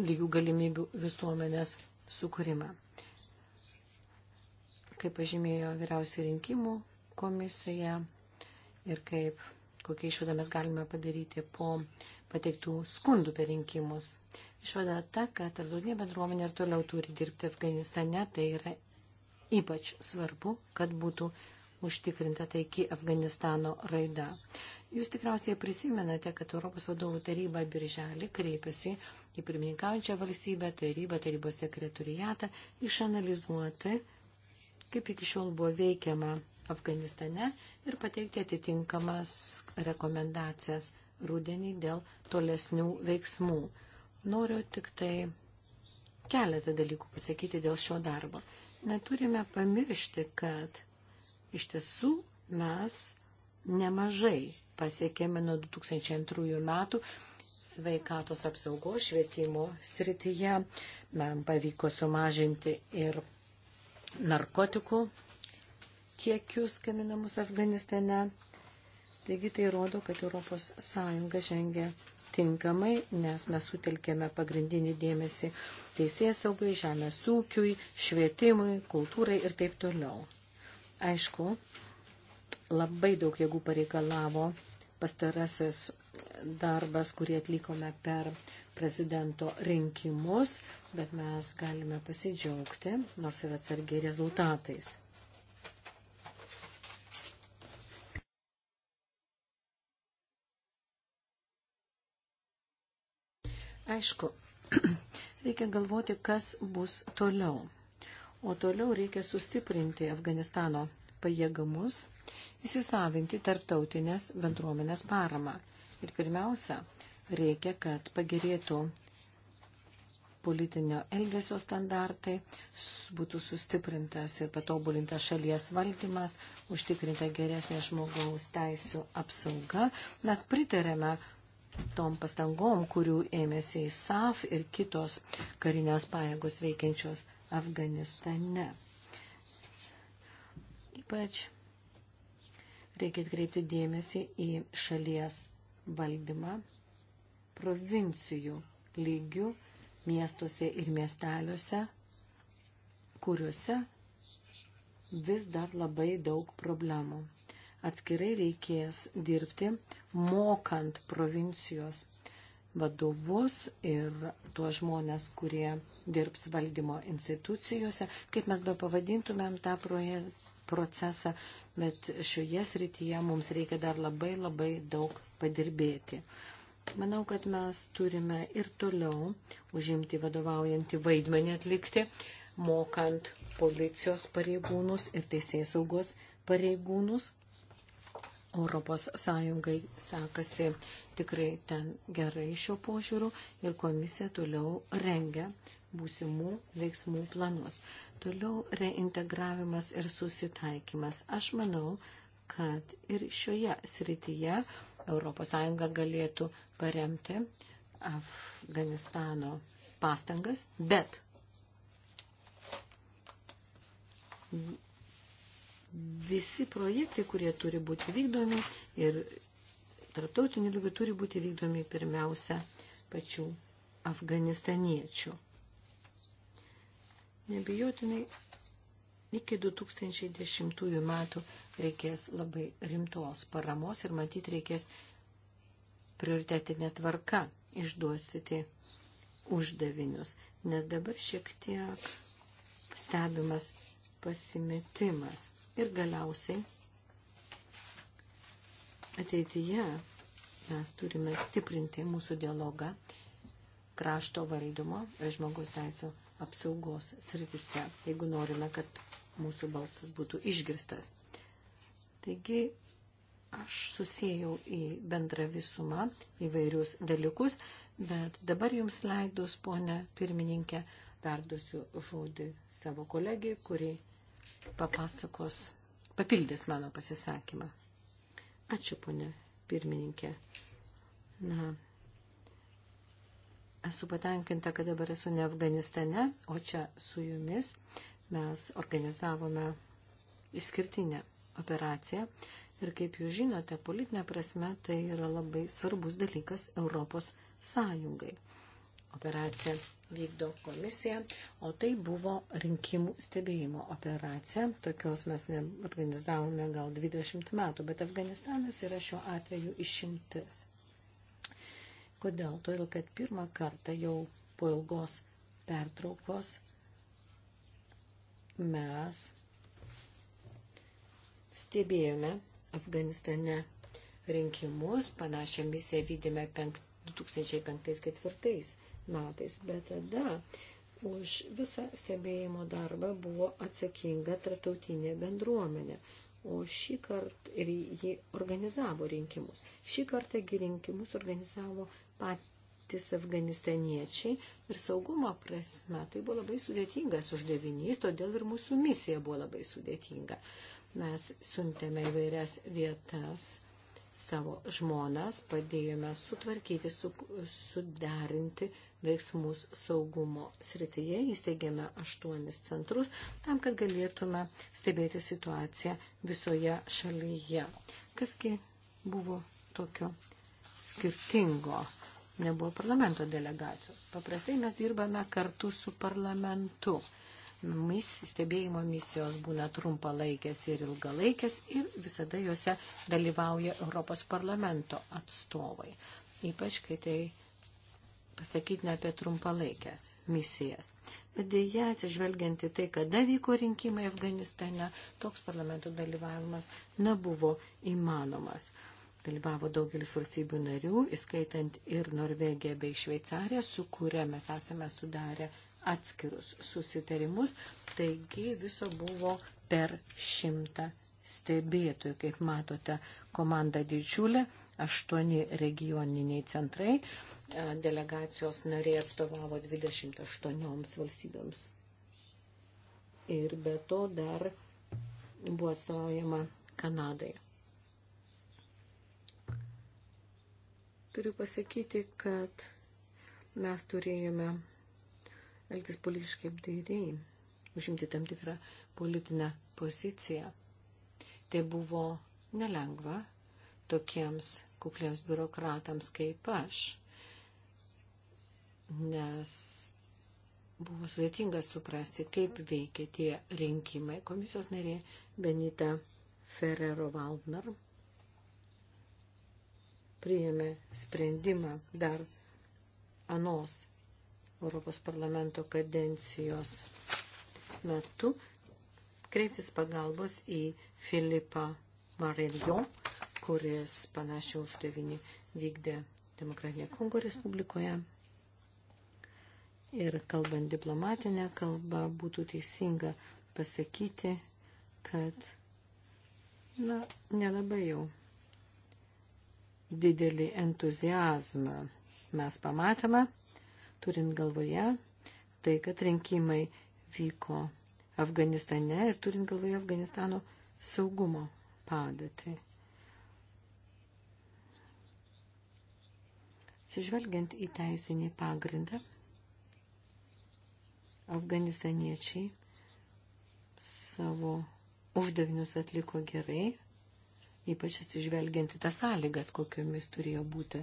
lygių galimybių visuomenės sukūrimą. Kaip pažymėjo vyriausių rinkimų komisija ir kaip kokią išvadą mes galime padaryti po pateiktų skundų per rinkimus. Išvada ta, kad tarptautinė bendruomenė ir toliau turi dirbti Afganistane, tai yra ypač svarbu, kad būtų užtikrinta taiki Afganistano raida. Jūs tikriausiai prisimenate, kad Europos vadovų taryba birželį kreipėsi į pirmininkaujančią valstybę, tarybą, tarybos sekretoriatą, išanalizuoti, kaip iki šiol buvo veikiama Afganistane ir pateikti atitinkamas rekomendacijas rudenį dėl tolesnių veiksmų. Noriu tik tai keletą dalykų pasakyti dėl šio darbo. Neturime pamiršti, kad iš tiesų mes nemažai pasiekėme nuo 2002 metų sveikatos apsaugos švietimo srityje. Man pavyko sumažinti ir narkotikų kiekius gaminamus Afganistane. Taigi tai rodo, kad ES žengia tinkamai, nes mes sutelkėme pagrindinį dėmesį teisės saugai, žemės ūkiui, švietimui, kultūrai ir taip toliau. Aišku, labai daug jėgų pareikalavo pastarasis darbas, kurį atlikome per prezidento rinkimus, bet mes galime pasidžiaugti, nors ir atsargiai rezultatais. Aišku, <clears throat> reikia galvoti, kas bus toliau. O toliau reikia sustiprinti Afganistano pajėgumus, įsisavinti tarptautinės bendruomenės paramą. Ir pirmiausia, reikia, kad pagerėtų politinio elgesio standartai, būtų sustiprintas ir patobulintas šalies valdymas, užtikrinta geresnė žmogaus teisų apsauga. Mes pritarėme tom pastangom, kurių ėmėsi į SAF ir kitos karinės pajėgos veikiančios Afganistane. Ypač reikia atkreipti dėmesį į šalies valdymą provincijų lygių miestuose ir miesteliuose, kuriuose vis dar labai daug problemų. Atskirai reikės dirbti, mokant provincijos vadovus ir tuos žmonės, kurie dirbs valdymo institucijose, kaip mes be pavadintumėm tą procesą, bet šioje srityje mums reikia dar labai labai daug padirbėti. Manau, kad mes turime ir toliau užimti vadovaujantį vaidmenį atlikti, mokant policijos pareigūnus ir teisės saugos pareigūnus. Europos Sąjungai sekasi tikrai ten gerai šio požiūriu ir komisija toliau rengia būsimų veiksmų planus. Toliau reintegravimas ir susitaikymas. Aš manau, kad ir šioje srityje ES galėtų paremti Afganistano pastangas, bet visi projektai, kurie turi būti vykdomi ir tarptautinių lygių turi būti vykdomi pirmiausia pačių afganistaniečių. Nebijotinai iki 2010 metų reikės labai rimtos paramos ir matyt reikės prioritetinė tvarka išduosyti uždavinius, nes dabar šiek tiek stebimas pasimetimas ir galiausiai ateityje mes turime stiprinti mūsų dialogą krašto valdymo ir žmogaus teisų apsaugos sritise, jeigu norime, kad mūsų balsas būtų išgirstas. Taigi aš susijau į bendrą visumą įvairius dalykus, bet dabar jums leidus, ponė pirmininkė, perduosiu žodį savo kolegijai, kuri papasakos, papildys mano pasisakymą. Ačiū, ponė pirmininkė. Na, esu patenkinta, kad dabar esu ne Afganistane, o čia su jumis mes organizavome išskirtinę operaciją ir kaip jūs žinote, politinė prasme tai yra labai svarbus dalykas Europos Sąjungai. Operacija vykdo komisija, o tai buvo rinkimų stebėjimo operacija. Tokios mes organizavome gal 20 metų, bet Afganistanas yra šiuo atveju išimtis. Kodėl? Todėl, kad pirmą kartą jau po ilgos pertraukos mes stebėjome Afganistane rinkimus, panašią misiją vykdėme 2005-2004 metais, bet tada už visą stebėjimo darbą buvo atsakinga tarptautinė bendruomenė, o šį kartą ir jį organizavo rinkimus. Šį kartą rinkimus organizavo pat, patys afganistaniečiai ir saugumo prasme. Tai buvo labai sudėtingas uždavinys, todėl ir mūsų misija buvo labai sudėtinga. Mes siuntėme įvairias vietas savo žmonas, padėjome sutvarkyti, su, sudarinti veiksmus saugumo srityje, įsteigėme aštuonis centrus tam, kad galėtume stebėti situaciją visoje šalyje. Kasgi buvo tokio skirtingo nebuvo parlamento delegacijos. Paprastai mes dirbame kartu su parlamentu. Mis, stebėjimo misijos būna trumpalaikės ir ilgalaikės ir visada juose dalyvauja Europos parlamento atstovai. Ypač, kai tai pasakyti ne apie trumpalaikės misijas. Bet dėja, atsižvelgianti tai, kada vyko rinkimai Afganistane, toks parlamento dalyvavimas nebuvo įmanomas dalyvavo daugelis valstybių narių, įskaitant ir Norvegiją bei Šveicariją, su kuria mes esame sudarę atskirus susitarimus. Taigi viso buvo per šimtą stebėtojų. Kaip matote, komanda didžiulė, aštuoni regioniniai centrai, e, delegacijos nariai atstovavo 28 valstybėms. Ir be to dar buvo atstovaujama Kanadai. Turiu pasakyti, kad mes turėjome elgtis politiškai apdairiai, užimti tam tikrą politinę poziciją. Tai buvo nelengva tokiems kukliems biurokratams kaip aš, nes buvo sudėtinga suprasti, kaip veikia tie rinkimai. Komisijos narė Benita Ferrero Waldner priėmė sprendimą dar anos Europos parlamento kadencijos metu kreiptis pagalbos į Filipą Marelion, kuris panašią uždavinį vykdė Demokratinė Kongo Respublikoje. Ir kalbant diplomatinę kalbą, būtų teisinga pasakyti, kad, na, nelabai jau didelį entuzijazmą mes pamatėme, turint galvoje tai, kad rinkimai vyko Afganistane ir turint galvoje Afganistano saugumo padėtį. Atsižvelgiant į teisinį pagrindą, afganistaniečiai savo uždavinius atliko gerai, ypač atsižvelgianti tas sąlygas, kokiomis turėjo būti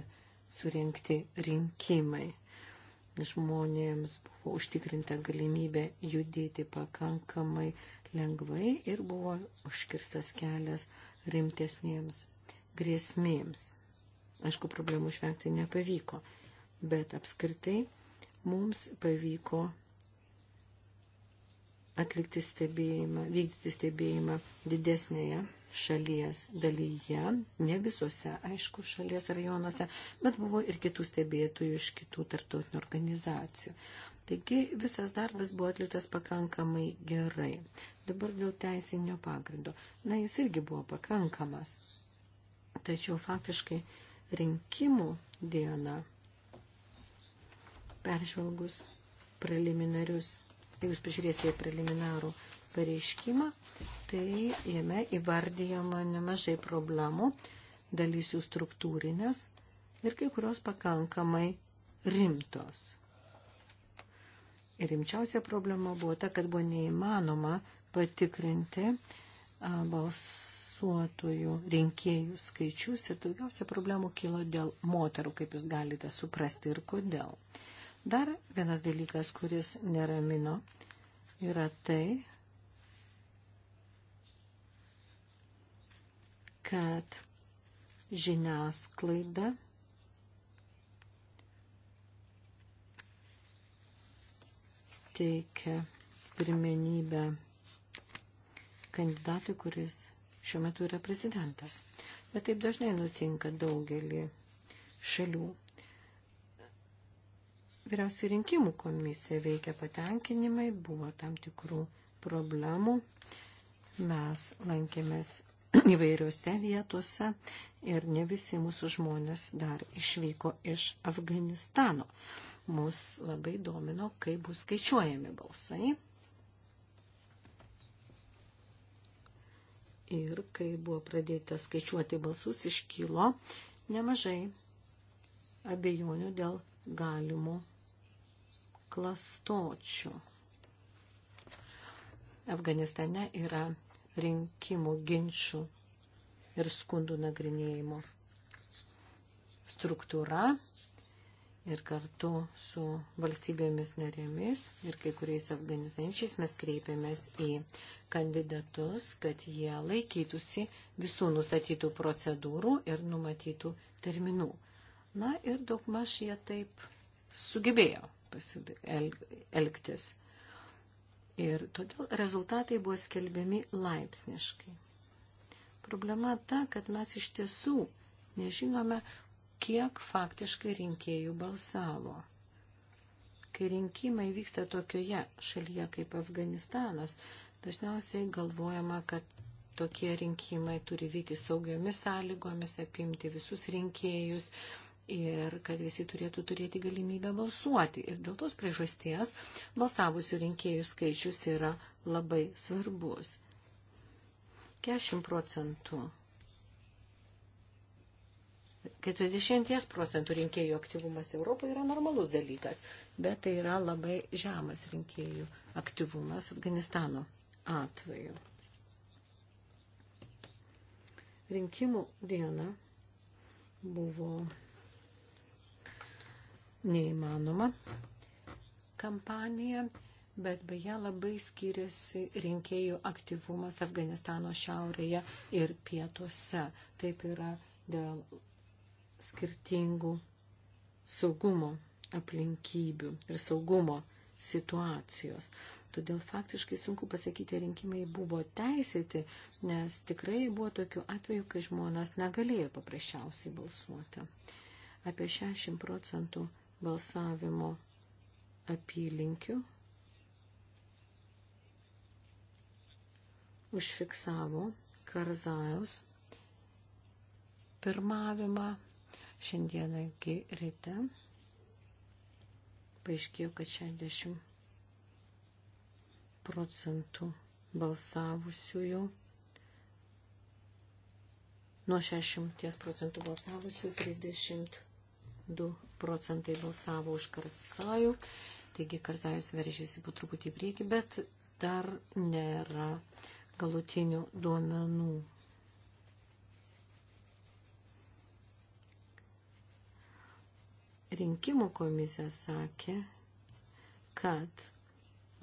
surinkti rinkimai. Žmonėms buvo užtikrinta galimybė judėti pakankamai lengvai ir buvo užkirstas kelias rimtesniems grėsmėms. Aišku, problemų išvengti nepavyko, bet apskritai mums pavyko atlikti stebėjimą, vykdyti stebėjimą didesnėje šalies dalyje, ne visose, aišku, šalies rajonuose, bet buvo ir kitų stebėtojų iš kitų tarptautinių organizacijų. Taigi visas darbas buvo atliktas pakankamai gerai. Dabar dėl teisinio pagrindo. Na, jis irgi buvo pakankamas. Tačiau faktiškai rinkimų diena, peržvelgus preliminarius, jeigu jūs pažiūrėsite preliminarų pareiškimą, tai jame įvardyjama nemažai problemų, dalys jų struktūrinės ir kai kurios pakankamai rimtos. Ir rimčiausia problema buvo ta, kad buvo neįmanoma patikrinti balsuotojų rinkėjų skaičius ir daugiausia problemų kilo dėl moterų, kaip jūs galite suprasti ir kodėl. Dar vienas dalykas, kuris neramino, yra tai, kad žiniasklaida teikia pirmenybę kandidatui, kuris šiuo metu yra prezidentas. Bet taip dažnai nutinka daugelį šalių. Vyriausių rinkimų komisija veikia patenkinimai, buvo tam tikrų problemų. Mes lankėmės įvairiose vietose ir ne visi mūsų žmonės dar išvyko iš Afganistano. Mus labai domino, kaip bus skaičiuojami balsai. Ir kai buvo pradėta skaičiuoti balsus, iškylo nemažai abejonių dėl galimų klastočių. Afganistane yra rinkimų ginčių ir skundų nagrinėjimo struktūra ir kartu su valstybėmis narėmis ir kai kuriais afganistaniečiais mes kreipėmės į kandidatus, kad jie laikytųsi visų nustatytų procedūrų ir numatytų terminų. Na ir daugmaž jie taip sugebėjo elgtis ir todėl rezultatai buvo skelbiami laipsniškai. Problema ta, kad mes iš tiesų nežinome, kiek faktiškai rinkėjų balsavo. Kai rinkimai vyksta tokioje šalyje kaip Afganistanas, dažniausiai galvojama, kad tokie rinkimai turi vykti saugiomis sąlygomis, apimti visus rinkėjus, ir kad visi turėtų turėti galimybę balsuoti. Ir dėl tos priežasties balsavusių rinkėjų skaičius yra labai svarbus. 40 procentų. 40 procentų rinkėjų aktyvumas Europoje yra normalus dalykas, bet tai yra labai žemas rinkėjų aktyvumas Afganistano atveju. Rinkimų diena buvo neįmanoma kampanija, bet beje labai skiriasi rinkėjų aktyvumas Afganistano šiaurėje ir pietuose. Taip yra dėl skirtingų saugumo aplinkybių ir saugumo situacijos. Todėl faktiškai sunku pasakyti, rinkimai buvo teisėti, nes tikrai buvo tokių atvejų, kai žmonės negalėjo paprasčiausiai balsuoti. Apie 60 procentų balsavimo apylinkių užfiksavo Karzajaus pirmavimą šiandienągi ryte. Paaiškėjo, kad 60 procentų balsavusiųjų nuo 60 procentų balsavusių 32 procentai balsavo už Karzajų, taigi Karzajus veržėsi po truputį į priekį, bet dar nėra galutinių duomenų. Rinkimų komisija sakė, kad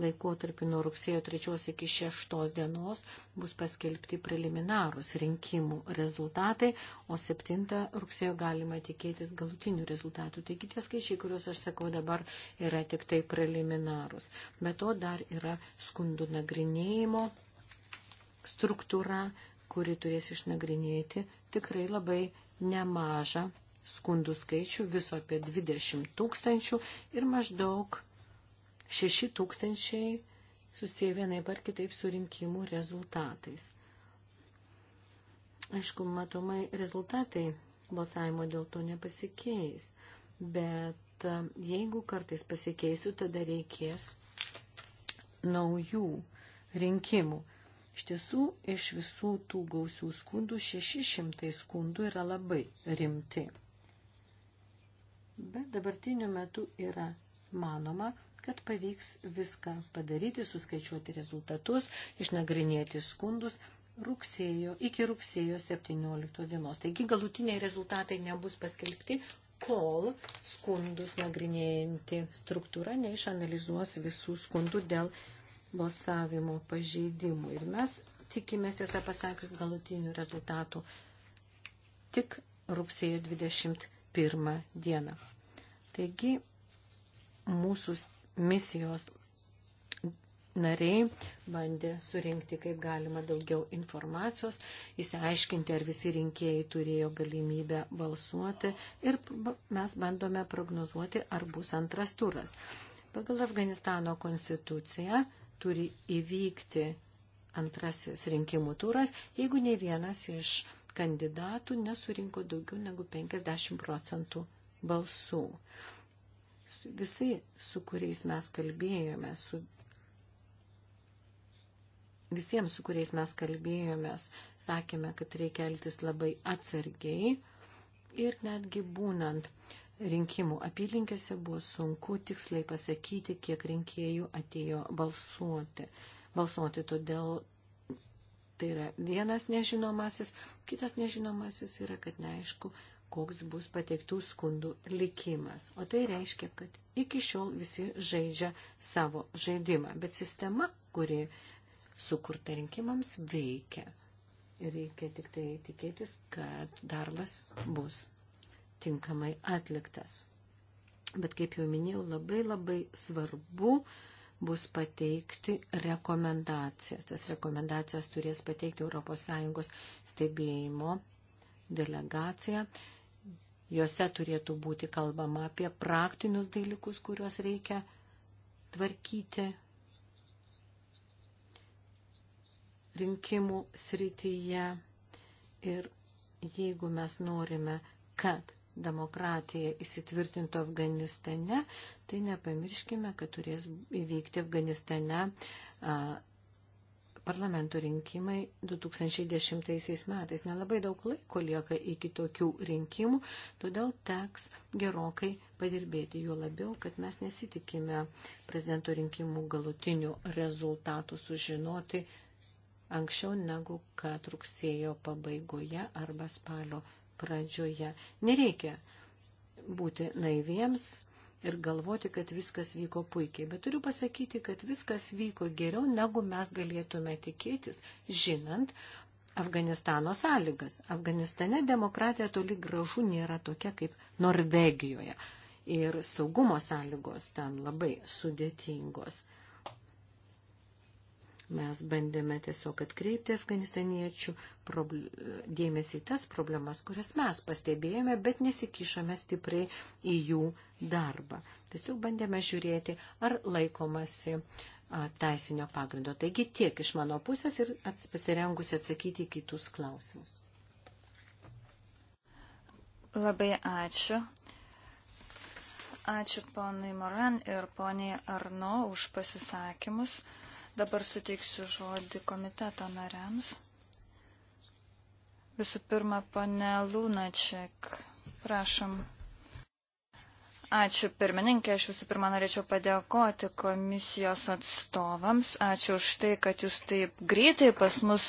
laikotarpį nuo rugsėjo 3 iki 6 dienos bus paskelbti preliminarūs rinkimų rezultatai, o 7 rugsėjo galima tikėtis galutinių rezultatų. Taigi tie skaičiai, kuriuos aš sakau dabar, yra tik tai preliminarūs. Be to dar yra skundų nagrinėjimo struktūra, kuri turės išnagrinėti tikrai labai nemažą skundų skaičių, viso apie 20 tūkstančių ir maždaug 6 tūkstančiai susiję vienai par kitaip su rinkimų rezultatais. Aišku, matomai rezultatai balsavimo dėl to nepasikeis, bet e, jeigu kartais pasikeisiu, tada reikės naujų rinkimų. Iš tiesų, iš visų tų gausių skundų 600 skundų yra labai rimti. Bet dabartiniu metu yra manoma, kad pavyks viską padaryti, suskaičiuoti rezultatus, išnagrinėti skundus rugsėjo, iki rugsėjo 17 dienos. Taigi galutiniai rezultatai nebus paskelbti, kol skundus nagrinėjanti struktūra neišanalizuos visų skundų dėl balsavimo pažeidimų. Ir mes tikimės, tiesą pasakius, galutinių rezultatų tik rugsėjo 21 dieną. Taigi mūsų misijos nariai bandė surinkti kaip galima daugiau informacijos, įsiaiškinti, ar visi rinkėjai turėjo galimybę balsuoti ir mes bandome prognozuoti, ar bus antras turas. Pagal Afganistano konstituciją turi įvykti antrasis rinkimų turas, jeigu ne vienas iš kandidatų nesurinko daugiau negu 50 procentų balsų visi, su kuriais mes kalbėjome, su visiems, su kuriais mes kalbėjomės, sakėme, kad reikia elgtis labai atsargiai ir netgi būnant rinkimų apylinkėse buvo sunku tiksliai pasakyti, kiek rinkėjų atėjo balsuoti. Balsuoti todėl tai yra vienas nežinomasis, kitas nežinomasis yra, kad neaišku, koks bus pateiktų skundų likimas. O tai reiškia, kad iki šiol visi žaidžia savo žaidimą, bet sistema, kuri sukurta rinkimams, veikia. Ir reikia tik tai tikėtis, kad darbas bus tinkamai atliktas. Bet kaip jau minėjau, labai labai svarbu bus pateikti rekomendacijas. Tas rekomendacijas turės pateikti ES stebėjimo delegacija Juose turėtų būti kalbama apie praktinius dalykus, kuriuos reikia tvarkyti rinkimų srityje. Ir jeigu mes norime, kad demokratija įsitvirtintų Afganistane, tai nepamirškime, kad turės įvykti Afganistane parlamento rinkimai 2010 metais. Nelabai daug laiko lieka iki tokių rinkimų, todėl teks gerokai padirbėti. Juo labiau, kad mes nesitikime prezidento rinkimų galutinių rezultatų sužinoti anksčiau negu kad rugsėjo pabaigoje arba spalio pradžioje. Nereikia būti naiviems, ir galvoti, kad viskas vyko puikiai. Bet turiu pasakyti, kad viskas vyko geriau, negu mes galėtume tikėtis, žinant Afganistano sąlygas. Afganistane demokratija toli gražu nėra tokia kaip Norvegijoje. Ir saugumo sąlygos ten labai sudėtingos. Mes bandėme tiesiog atkreipti afganistaniečių dėmesį į tas problemas, kurias mes pastebėjome, bet nesikišame stipriai į jų darbą. Tiesiog bandėme žiūrėti, ar laikomasi teisinio pagrindo. Taigi tiek iš mano pusės ir pasirengusi atsakyti į kitus klausimus. Labai ačiū. Ačiū ponai Moran ir poniai Arno už pasisakymus. Dabar suteiksiu žodį komiteto nariams. Visų pirma, pane Lunaček, prašom. Ačiū pirmininkė, aš visų pirma norėčiau padėkoti komisijos atstovams. Ačiū už tai, kad jūs taip greitai pas mus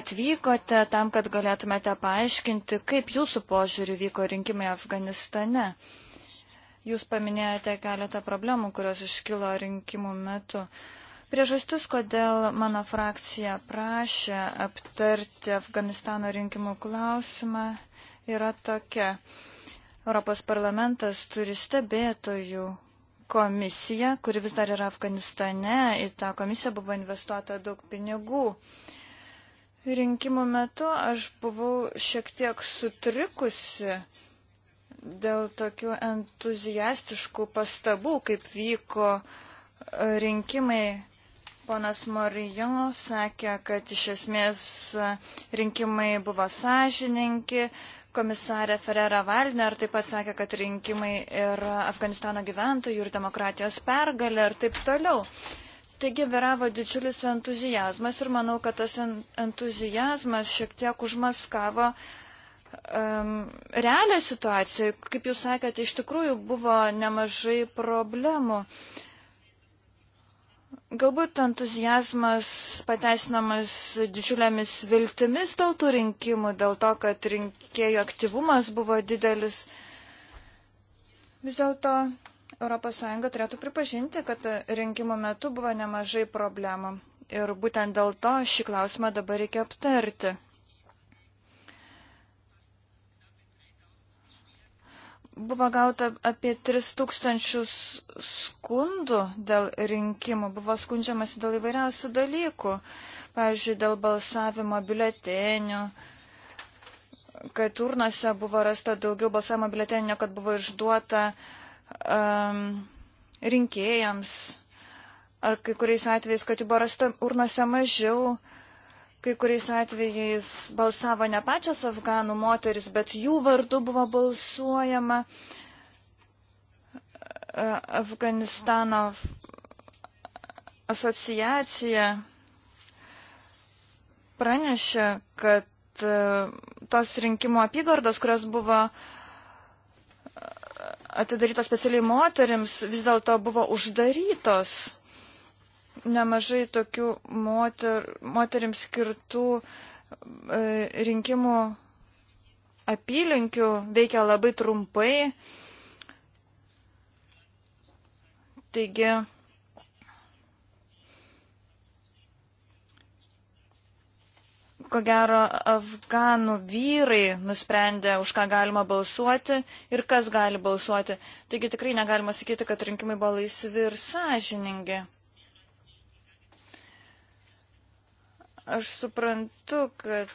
atvykote tam, kad galėtumėte paaiškinti, kaip jūsų požiūriu vyko rinkimai Afganistane. Jūs paminėjote keletą problemų, kurios iškilo rinkimų metu. Uh, Priežastis, kodėl mano frakcija prašė aptarti Afganistano rinkimų klausimą, yra tokia. Europos parlamentas turi stebėtojų komisiją, kuri vis dar yra Afganistane. Į tą komisiją buvo investuota daug pinigų. Rinkimų metu aš buvau šiek tiek sutrikusi dėl tokių entuziastiškų pastabų, kaip vyko rinkimai Ponas Morijo sakė, kad iš esmės rinkimai buvo sąžininki. Komisarė Ferrera Valner taip pat sakė, kad rinkimai ir Afganistano gyventojų ir demokratijos pergalė ir taip toliau. Taigi vyravo didžiulis entuzijazmas ir manau, kad tas entuzijazmas šiek tiek užmaskavo um, realią situaciją. Kaip jūs sakėte, iš tikrųjų buvo nemažai problemų. Uh, Galbūt entuzijazmas pateisinamas didžiulėmis viltimis dėl tų rinkimų, dėl to, kad rinkėjų aktyvumas buvo didelis. Vis dėlto ES turėtų pripažinti, kad rinkimų metu buvo nemažai problemų. Ir būtent dėl to šį klausimą dabar reikia aptarti. Buvo gauta apie 3000 skundų dėl rinkimų, buvo skundžiamasi dėl įvairiausių dalykų, pavyzdžiui, dėl balsavimo biuletenių, kad urnose buvo rasta daugiau balsavimo biuletenių, kad buvo išduota um, rinkėjams, ar kai kuriais atvejais, kad jų buvo rasta urnose mažiau. Uh, kai kuriais atvejais balsavo ne pačios afganų moteris, bet jų vardu buvo balsuojama. E, Afganistano asociacija pranešė, kad e, tos rinkimų apygardos, kurios buvo e, atidarytos specialiai moterims, vis dėlto buvo uždarytos nemažai tokių moter, moterims skirtų e, rinkimų apylinkių veikia labai trumpai. Taigi, ko gero, afganų vyrai nusprendė, už ką galima balsuoti ir kas gali balsuoti. Taigi tikrai negalima sakyti, kad rinkimai buvo laisvi ir sąžiningi. Aš suprantu, kad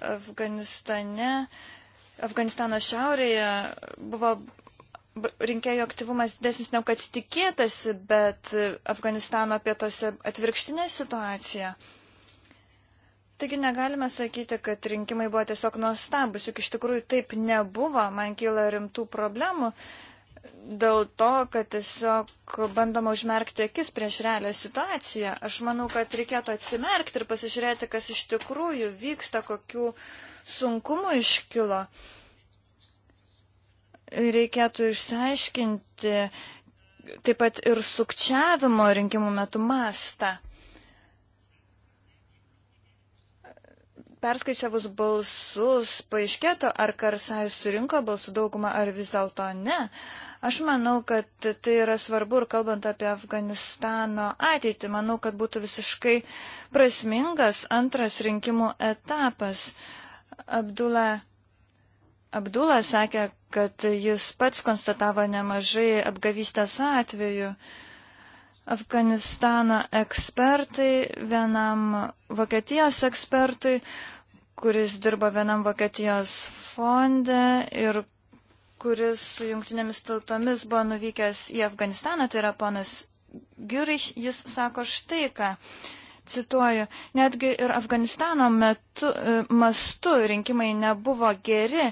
Afganistane, Afganistano šiaurėje buvo rinkėjų aktyvumas didesnis negu kad tikėtasi, bet Afganistano pietose atvirkštinė situacija. Taigi negalime sakyti, kad rinkimai buvo tiesiog nuostabus, juk iš tikrųjų taip nebuvo, man kyla rimtų problemų, dėl to, kad tiesiog bandoma užmerkti akis prieš realią situaciją. Aš manau, kad reikėtų atsimerkti ir pasižiūrėti, kas iš tikrųjų vyksta, kokių sunkumų iškilo. Reikėtų išsiaiškinti taip pat ir sukčiavimo rinkimų metu mastą. perskaičiavus balsus, paaiškėtų, ar Karsajus surinko balsų daugumą, ar vis dėlto ne. Uh, Aš manau, kad tai yra svarbu ir kalbant apie Afganistano ateitį, manau, kad būtų visiškai prasmingas antras rinkimų etapas. Abdullah Abdullah sakė, kad jis pats konstatavo nemažai apgavystės atvejų. Afganistano ekspertai, vienam Vokietijos ekspertui, kuris dirba vienam Vokietijos fonde ir kuris su jungtinėmis tautomis buvo nuvykęs į Afganistaną, tai yra ponas Gyriš, jis sako štai ką. Cituoju, netgi ir Afganistano metu, e, mastu rinkimai nebuvo geri.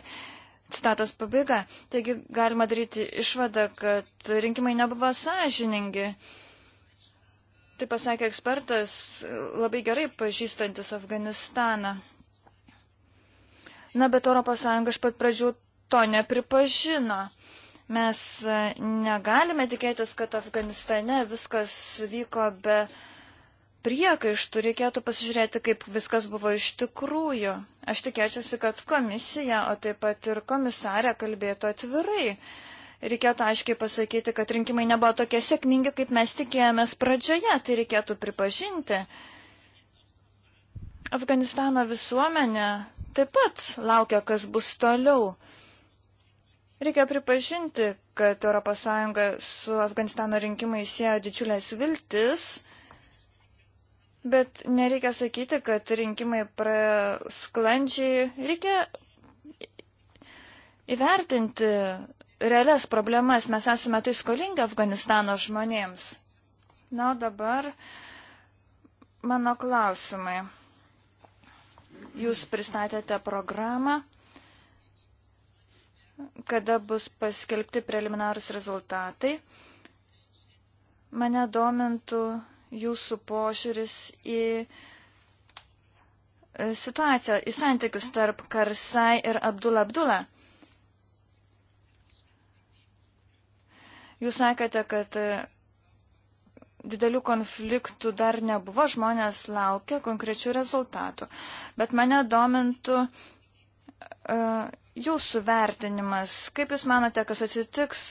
Citatos pabaiga. Taigi galima daryti išvadą, kad rinkimai nebuvo sąžiningi. Tai pasakė ekspertas, labai gerai pažįstantis Afganistaną. Na, bet ES iš pat pradžių to nepripažino. Mes e, negalime tikėtis, kad Afganistane viskas vyko be priekaištų. Reikėtų pasižiūrėti, kaip viskas buvo iš tikrųjų. Aš tikėčiausi, kad komisija, o taip pat ir komisarė kalbėtų atvirai. Reikėtų aiškiai pasakyti, kad rinkimai nebuvo tokie sėkmingi, kaip mes tikėjomės pradžioje. Tai reikėtų pripažinti. Afganistano visuomenė taip pat laukia, kas bus toliau. Reikia pripažinti, kad ES su Afganistano rinkimais sieja didžiulės viltis, bet nereikia sakyti, kad rinkimai prasklandžiai. Reikia įvertinti realias problemas. Mes esame tai skolingi Afganistano žmonėms. Na, o dabar mano klausimai. Jūs pristatėte programą kada bus paskelbti preliminarus rezultatai. Mane domintų jūsų požiūris į e, situaciją, į santykius tarp Karsai ir Abdullah Abdullah. Jūs sakėte, kad e, didelių konfliktų dar nebuvo, žmonės laukia konkrečių rezultatų. Bet mane domintų uh, jūsų vertinimas, kaip jūs manote, kas atsitiks,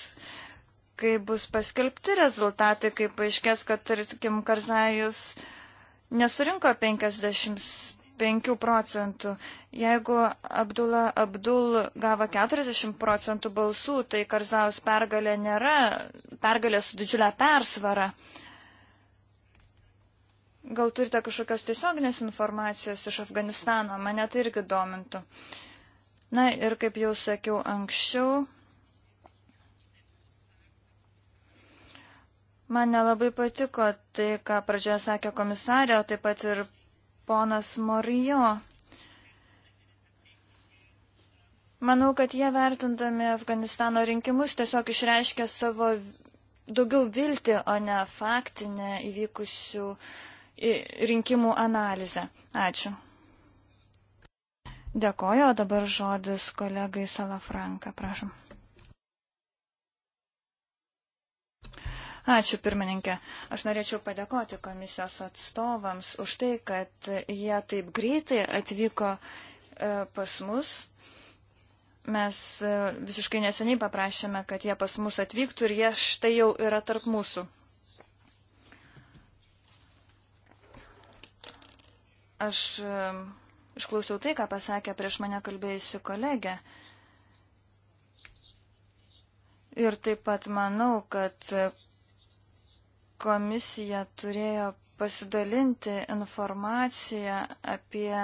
kai bus paskelbti rezultatai, kai paaiškės, kad, tarkim, Karzajus nesurinko 55 procentų. Jeigu Abdula Abdul gavo 40 procentų balsų, tai Karzajus pergalė nėra pergalė su didžiulė persvara. Gal turite kažkokios tiesioginės informacijos iš Afganistano, mane tai irgi domintų. Uh, Na ir kaip jau sakiau anksčiau, man nelabai patiko tai, ką pradžioje sakė komisarė, o taip pat ir ponas Morijo. Manau, kad jie vertindami Afganistano rinkimus tiesiog išreiškė savo daugiau viltį, o ne faktinę įvykusių rinkimų analizę. Ačiū. Dėkoju, o dabar žodis kolegai Salafranka, prašom. Ačiū, pirmininkė. Aš norėčiau padėkoti komisijos atstovams už tai, kad jie taip greitai atvyko e, pas mus. Mes e, visiškai neseniai paprašėme, kad jie pas mus atvyktų ir jie štai jau yra tarp mūsų. Aš e, išklausiau tai, ką pasakė prieš mane kalbėjusi kolegė. Ir taip pat manau, kad komisija turėjo pasidalinti informaciją apie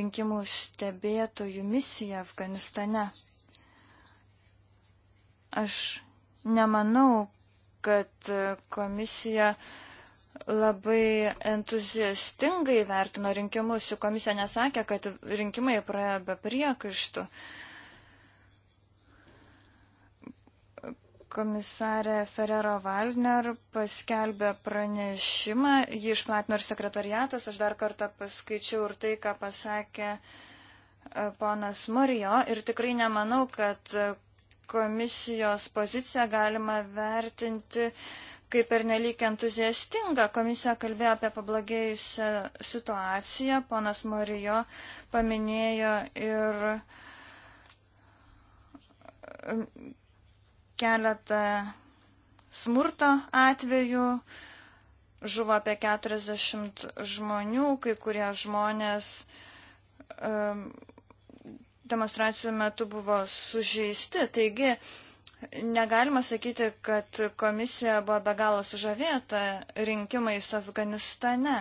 rinkimų stebėtojų misiją Afganistane. Aš nemanau, kad komisija uh, labai entuziastingai vertino rinkimus, juk komisija nesakė, kad rinkimai praėjo be priekaištų. Komisarė Ferrero Waldner paskelbė pranešimą, jį išplatino ir sekretariatas, aš dar kartą paskaičiau ir tai, ką pasakė e, ponas Murijo ir tikrai nemanau, kad e, komisijos poziciją galima vertinti uh, kaip ir nelik entuziastinga. Komisija kalbėjo apie pablogėjusią situaciją. Ponas Morijo paminėjo ir keletą smurto atvejų. Žuvo apie 40 žmonių, kai kurie žmonės um, demonstracijų metu buvo sužeisti. Taigi, uh, Negalima sakyti, kad komisija buvo be galo sužavėta rinkimais Afganistane.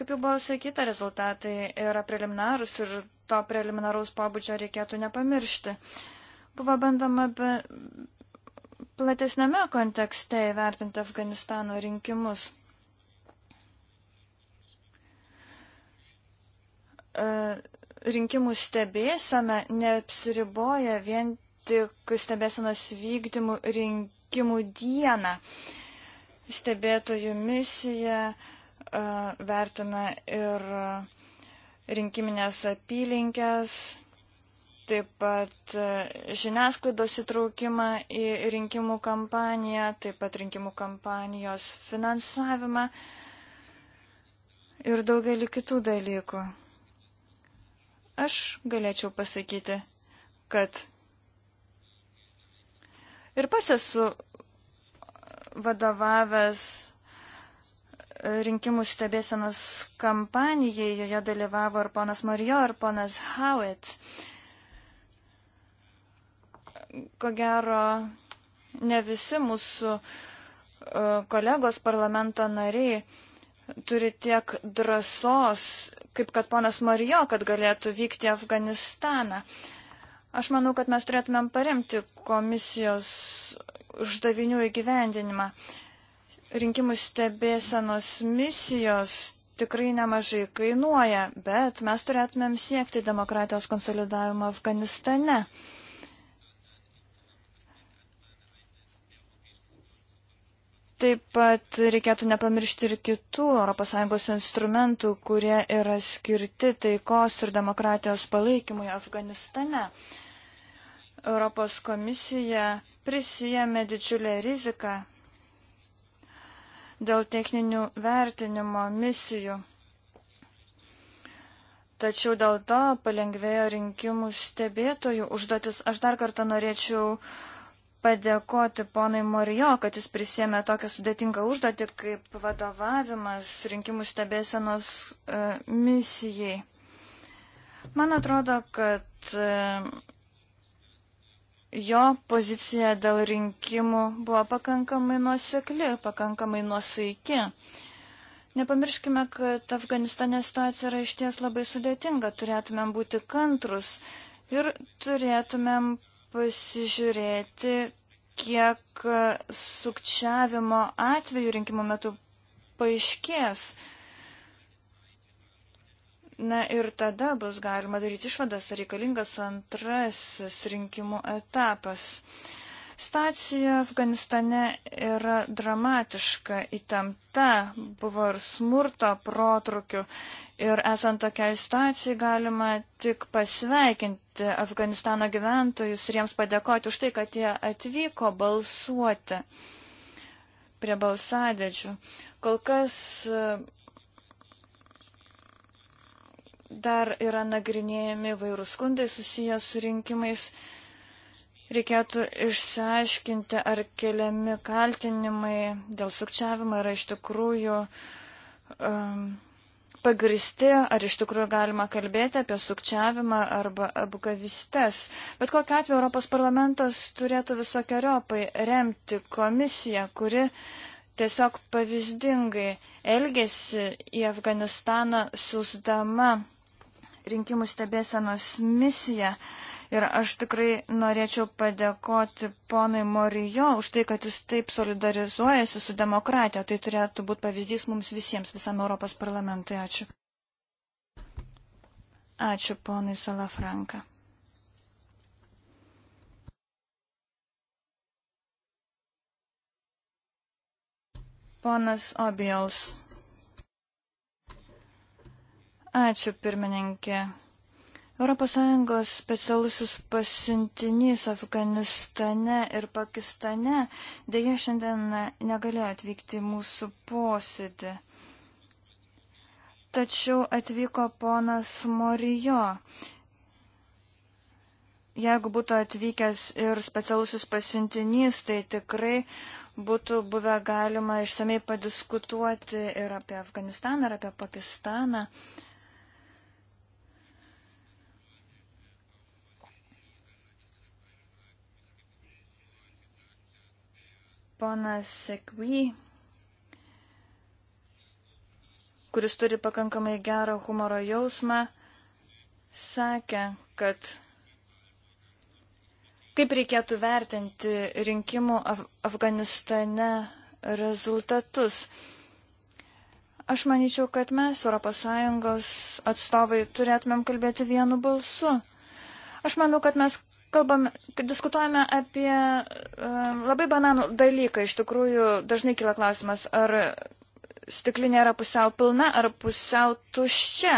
Kaip jau buvo sakyta, rezultatai yra preliminarus ir to preliminaraus pobūdžio reikėtų nepamiršti. Buvo bandoma be platesnėme kontekste įvertinti Afganistano rinkimus. E, rinkimų stebėsena neapsiriboja vien tik stebėsenos vykdymų rinkimų dieną. Stebėtojų misija e, vertina ir rinkiminės apylinkės, taip pat e, žiniasklaidos įtraukimą į rinkimų kampaniją, taip pat rinkimų kampanijos finansavimą ir daugelį kitų dalykų. Aš galėčiau pasakyti, kad Ir pas esu vadovavęs rinkimų stebėsenos kampanijai, joje dalyvavo ir ponas Marijo, ir ponas Howitt. Ko gero, ne visi mūsų e, kolegos parlamento nariai turi tiek drąsos, kaip kad ponas Marijo, kad galėtų vykti į Afganistaną. Uh, Aš manau, kad mes turėtumėm paremti komisijos uždavinių įgyvendinimą. Rinkimų stebėsenos misijos tikrai nemažai kainuoja, bet mes turėtumėm siekti demokratijos konsolidavimo Afganistane. Uh, Taip pat reikėtų nepamiršti ir kitų ES instrumentų, kurie yra skirti taikos ir demokratijos palaikymui Afganistane. Europos komisija prisijėmė didžiulę riziką dėl techninių vertinimo misijų. Tačiau dėl to palengvėjo rinkimų stebėtojų užduotis. Aš dar kartą norėčiau uh, padėkoti ponui Morijo, kad jis prisėmė tokią sudėtingą užduotį kaip vadovavimas rinkimų stebėsenos uh, misijai. Man atrodo, kad uh, jo pozicija dėl rinkimų buvo pakankamai nuosekli, pakankamai nuosaiki. Nepamirškime, kad Afganistane situacija yra išties labai sudėtinga, turėtumėm būti kantrus ir turėtumėm pasižiūrėti, kiek sukčiavimo atvejų rinkimų metu paaiškės. Na ir tada bus galima daryti išvadas, ar reikalingas antrasis rinkimų etapas. Uh, Stacija Afganistane yra dramatiška, įtempta, buvo ir smurto protrukių. Ir esant tokiai situacijai galima tik pasveikinti Afganistano gyventojus ir jiems padėkoti už tai, kad jie atvyko balsuoti prie balsadėdžių. Kol kas e, dar yra nagrinėjami vairūs skundai susijęs su rinkimais reikėtų išsiaiškinti, ar keliami kaltinimai dėl sukčiavimo yra iš tikrųjų um, pagristi, ar iš tikrųjų galima kalbėti apie sukčiavimą arba apgavystes. Bet kokiu atveju Europos parlamentas turėtų visokiojopai remti komisiją, kuri tiesiog pavyzdingai elgesi į Afganistaną susdama rinkimų stebėsenos misiją. Ir aš tikrai norėčiau padėkoti ponui Morijo už tai, kad jis taip solidarizuojasi su demokratija. Tai turėtų būti pavyzdys mums visiems, visam Europos parlamentui. Ačiū. Ačiū ponai Salafranka. Ponas Obiols. Ačiū, pirmininkė. ES specialusis pasiuntinys Afganistane ir Pakistane dėja šiandien negalėjo atvykti į mūsų posėdį. Tačiau atvyko ponas Morijo. Jeigu būtų atvykęs ir specialusis pasiuntinys, tai tikrai būtų buvę galima išsamei padiskutuoti ir apie Afganistaną, ir apie Pakistaną. Uh, ponas Sekvy, kuris turi pakankamai gerą humoro jausmą, sakė, kad kaip reikėtų vertinti rinkimų Af Afganistane rezultatus. Aš manyčiau, kad mes, ES atstovai, turėtumėm kalbėti vienu balsu. Aš manau, kad mes kalbam, diskutuojame apie uh, labai bananų dalyką. Iš tikrųjų, dažnai kyla klausimas, ar stiklinė yra pusiau pilna ar pusiau tuščia.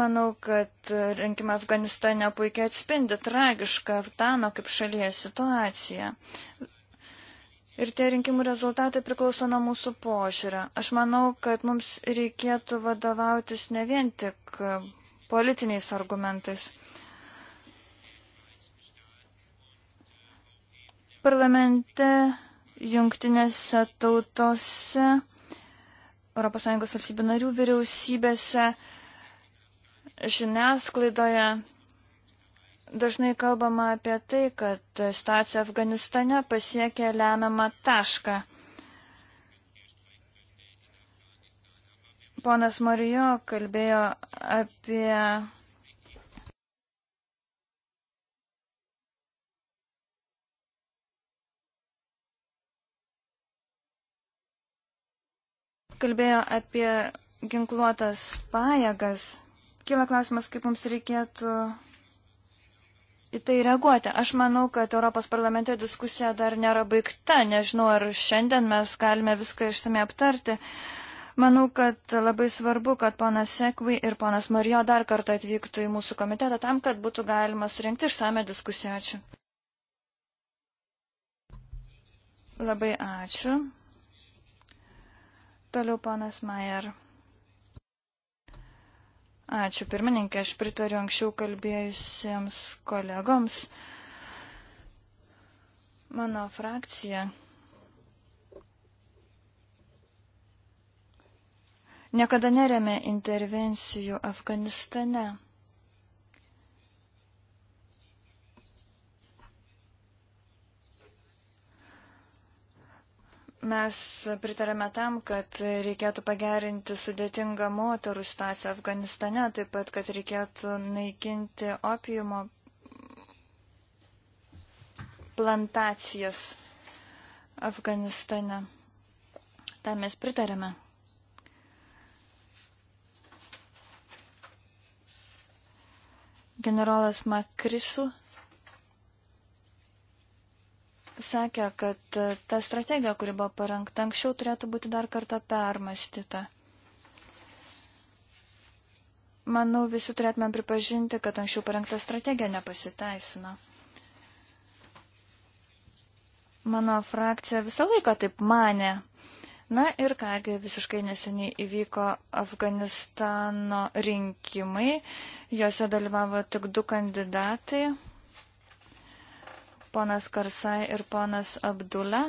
Manau, kad rinkimai Afganistane puikiai atspindi tragišką Afgano kaip šalies situaciją. Ir tie rinkimų rezultatai priklauso nuo mūsų požiūrio. Aš manau, kad mums reikėtų vadovautis ne vien tik politiniais argumentais. Parlamente, jungtinėse tautose, ES valstybių narių vyriausybėse, žiniasklaidoje dažnai kalbama apie tai, kad situacija Afganistane pasiekė lemiamą tašką. Ponas Marijo kalbėjo apie. Kalbėjo apie ginkluotas pajėgas. Kila klausimas, kaip mums reikėtų į tai reaguoti. Aš manau, kad Europos parlamente diskusija dar nėra baigta. Nežinau, ar šiandien mes galime viską išsamei aptarti. Uh, Manau, kad labai svarbu, kad ponas Sekvi ir ponas Marijo dar kartą atvyktų į mūsų komitetą tam, kad būtų galima surinkti išsame diskusiją. Ačiū. Labai ačiū. Toliau ponas Majer. Ačiū pirmininkė, aš pritariu anksčiau kalbėjusiems kolegoms. Mano frakcija niekada neremė intervencijų Afganistane. Mes pritarėme tam, kad reikėtų pagerinti sudėtingą moterų situaciją Afganistane, taip pat, kad reikėtų naikinti opiumo plantacijas Afganistane. Tam mes pritarėme. Generolas Makrisu sakė, kad e, ta strategija, kuri buvo parengta anksčiau, turėtų būti dar kartą permastyta. Manau, visi turėtume pripažinti, kad anksčiau parengta strategija nepasiteisino. Mano frakcija visą laiką taip mane, Na ir kągi, visiškai neseniai įvyko Afganistano rinkimai, juose dalyvavo tik du kandidatai, ponas Karsai ir ponas Abdulė.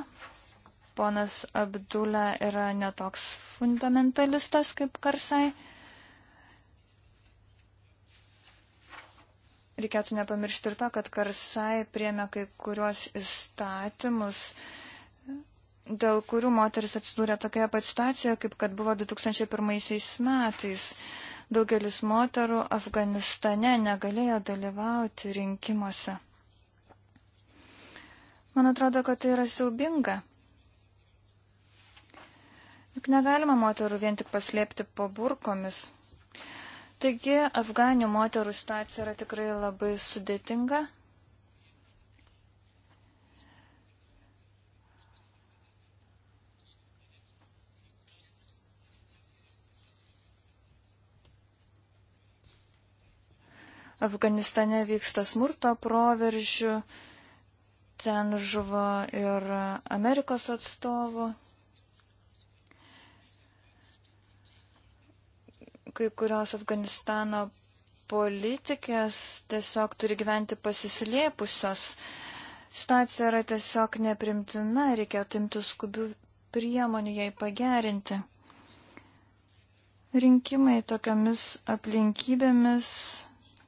Ponas Abdulė yra netoks fundamentalistas kaip Karsai. Reikėtų nepamiršti ir to, kad Karsai priemė kai kuriuos įstatymus, uh, dėl kurių moteris atsidūrė tokioje pat situacijoje, kaip kad buvo 2001 metais. Daugelis moterų Afganistane negalėjo dalyvauti rinkimuose. Man atrodo, kad tai yra siaubinga. Juk negalima moterų vien tik paslėpti po burkomis. Taigi, afganių moterų situacija yra tikrai labai sudėtinga. Afganistane vyksta smurto proveržių, ten žuvo ir Amerikos atstovų. Kai kurios Afganistano politikės tiesiog turi gyventi pasislėpusios. Situacija yra tiesiog neprimtina, reikėtų imti skubių priemonių jai pagerinti. Rinkimai tokiamis aplinkybėmis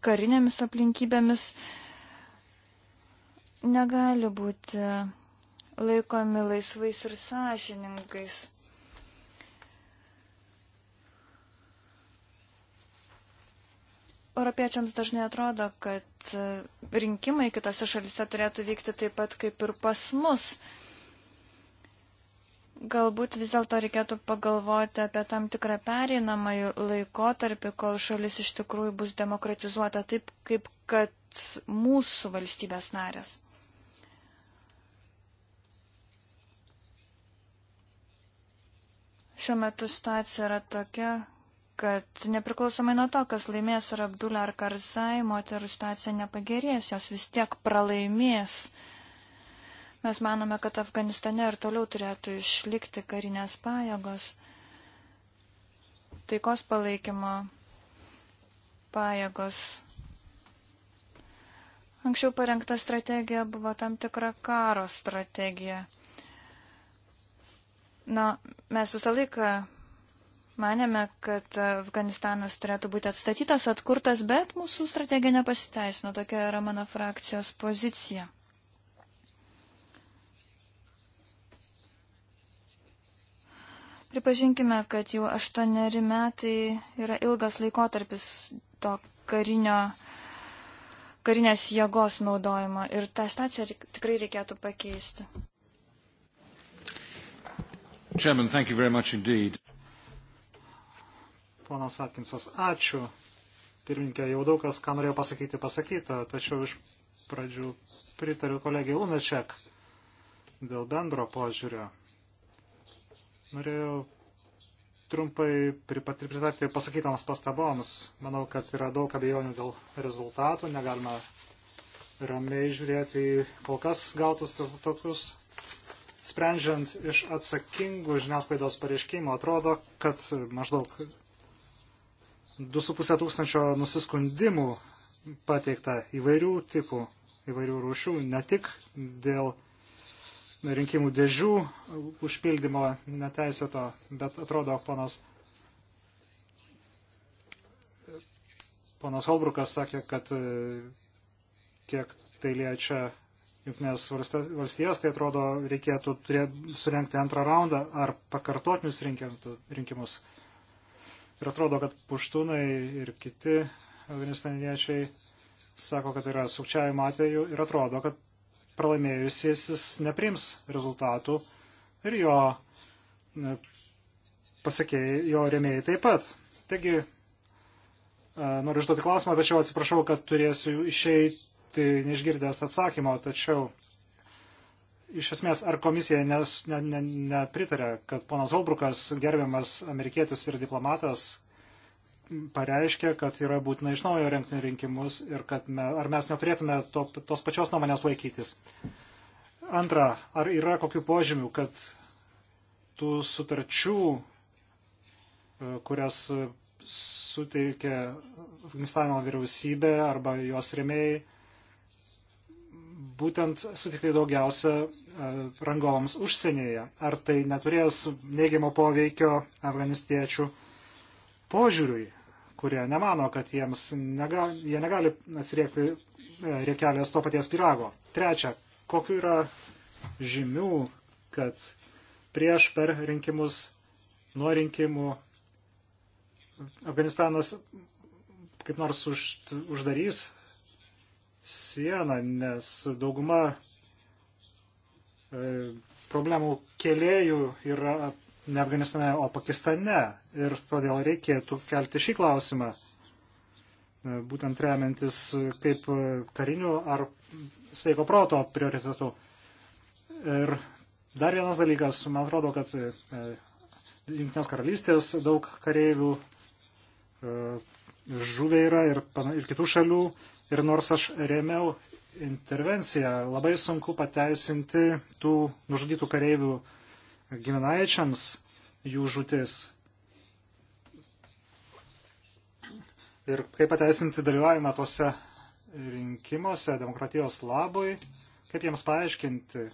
karinėmis aplinkybėmis negali būti laikomi laisvais ir sąžiningais. Europiečiams dažnai atrodo, kad rinkimai kitose šalise turėtų vykti taip pat kaip ir pas mus. Uh, galbūt vis dėlto reikėtų pagalvoti apie tam tikrą pereinamąjį laikotarpį, kol šalis iš tikrųjų bus demokratizuota taip, kaip kad mūsų valstybės narės. Šiuo metu situacija yra tokia, kad nepriklausomai nuo to, kas laimės ar Abdulė ar Karzai, moterų situacija nepagerės, jos vis tiek pralaimės uh, Mes manome, kad Afganistane ir toliau turėtų išlikti karinės pajėgos, taikos palaikymo pajėgos. Anksčiau parengta strategija buvo tam tikra karo strategija. Na, mes visą laiką manėme, kad Afganistanas turėtų būti atstatytas, atkurtas, bet mūsų strategija nepasiteisino. Tokia yra mano frakcijos pozicija. Pripažinkime, kad jau aštuoneri metai yra ilgas laikotarpis to karinio, karinės jėgos naudojimo ir tą situaciją tikrai reikėtų pakeisti. Chairman, thank you very much indeed. Ponas Atkinsas, ačiū. Pirmininkė, jau daug kas, ką norėjau pasakyti, pasakyta, tačiau iš pradžių pritariu kolegijai Lunačiak dėl bendro požiūrio. Norėjau trumpai pritarti pasakytams pastaboms. Manau, kad yra daug abejonių dėl rezultatų, negalima ramiai žiūrėti į kol kas gautus rezultatus. Sprendžiant iš atsakingų žiniasklaidos pareiškimų, atrodo, kad maždaug 2,5 tūkstančio nusiskundimų pateikta įvairių tipų, įvairių rūšių, ne tik dėl rinkimų dėžių užpildymo neteisėto, bet atrodo, ponas, ponas Holbrukas sakė, kad e, kiek tai liečia Junknės valstijas, tai atrodo, reikėtų turėt, surenkti antrą raundą ar pakartotinius rinkimus. Ir atrodo, kad puštūnai ir kiti afganistaniečiai sako, kad yra sukčiavimo atveju ir atrodo, kad pralaimėjusiesis neprims rezultatų ir jo e, pasiekėjai, jo remėjai taip pat. Taigi, e, noriu užduoti klausimą, tačiau atsiprašau, kad turėsiu išeiti neišgirdęs atsakymo, tačiau iš esmės, ar komisija nes, ne, ne, nepritarė, kad ponas Holbrukas, gerbiamas amerikietis ir diplomatas, pareiškė, kad yra būtina iš naujo renkti rinkimus ir kad me, ar mes neturėtume to, tos pačios nuomonės laikytis. Antra, ar yra kokių požymių, kad tų sutarčių, e, kurias suteikė Afganistano vyriausybė arba jos rėmėjai, būtent sutiktai daugiausia e, rangovams užsienyje. Ar tai neturės neigiamo poveikio afganistiečių požiūriui kurie nemano, kad jiems nega, jie negali atsiriekti e, riekelės to paties pirago. Trečia, kokiu yra žymių, kad prieš per rinkimus, nuo rinkimų Afganistanas kaip nors už, uždarys sieną, nes dauguma e, problemų kėlėjų yra ne Afganistane, o Pakistane. Ir todėl reikėtų kelti šį klausimą, e, būtent remiantis e, kaip e, karinių ar sveiko proto prioritetų. Ir dar vienas dalykas, man atrodo, kad Junktinės karalystės daug kareivių žuvė yra ir, ir kitų šalių. Ir nors aš remiau intervenciją, labai sunku pateisinti tų nužudytų kareivių uh, giminaičiams jų žūtis. Ir kaip pateisinti dalyvavimą tose rinkimuose demokratijos labui, kaip jiems paaiškinti.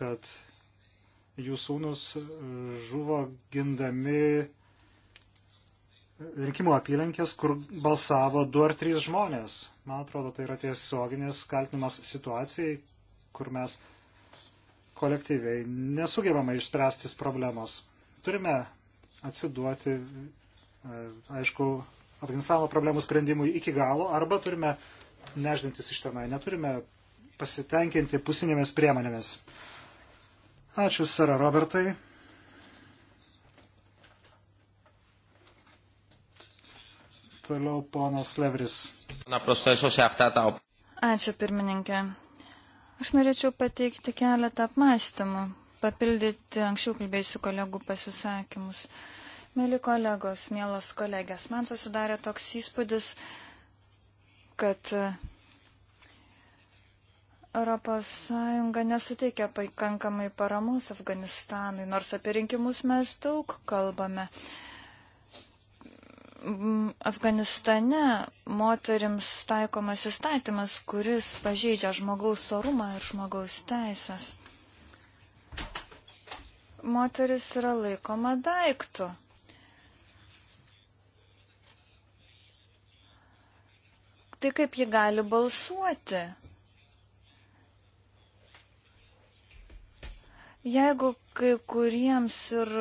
kad jų sūnus e, žuvo gindami rinkimų apylinkės, kur balsavo du ar trys žmonės. Man atrodo, tai yra tiesioginis kaltinimas situacijai, kur mes kolektyviai nesugebame išspręstis problemos. Turime atsiduoti, e, aišku, Afganistano problemų sprendimui iki galo arba turime neždintis iš tenai, neturime pasitenkinti pusinėmis priemonėmis. Ačiū, sara Robertai. Toliau ponas Levris. Ačiū pirmininkė. Aš norėčiau pateikti keletą apmąstymų, papildyti anksčiau kalbėjusių kolegų pasisakymus. Mėly kolegos, mielos kolegės, man susidarė toks įspūdis, kad ES nesuteikia pakankamai paramos Afganistanui, nors apie rinkimus mes daug kalbame. Mm, Afganistane moterims taikomas įstatymas, kuris pažeidžia žmogaus orumą ir žmogaus teisės. Moteris yra laikoma daiktų. tai kaip ji gali balsuoti. Jeigu kai kuriems ir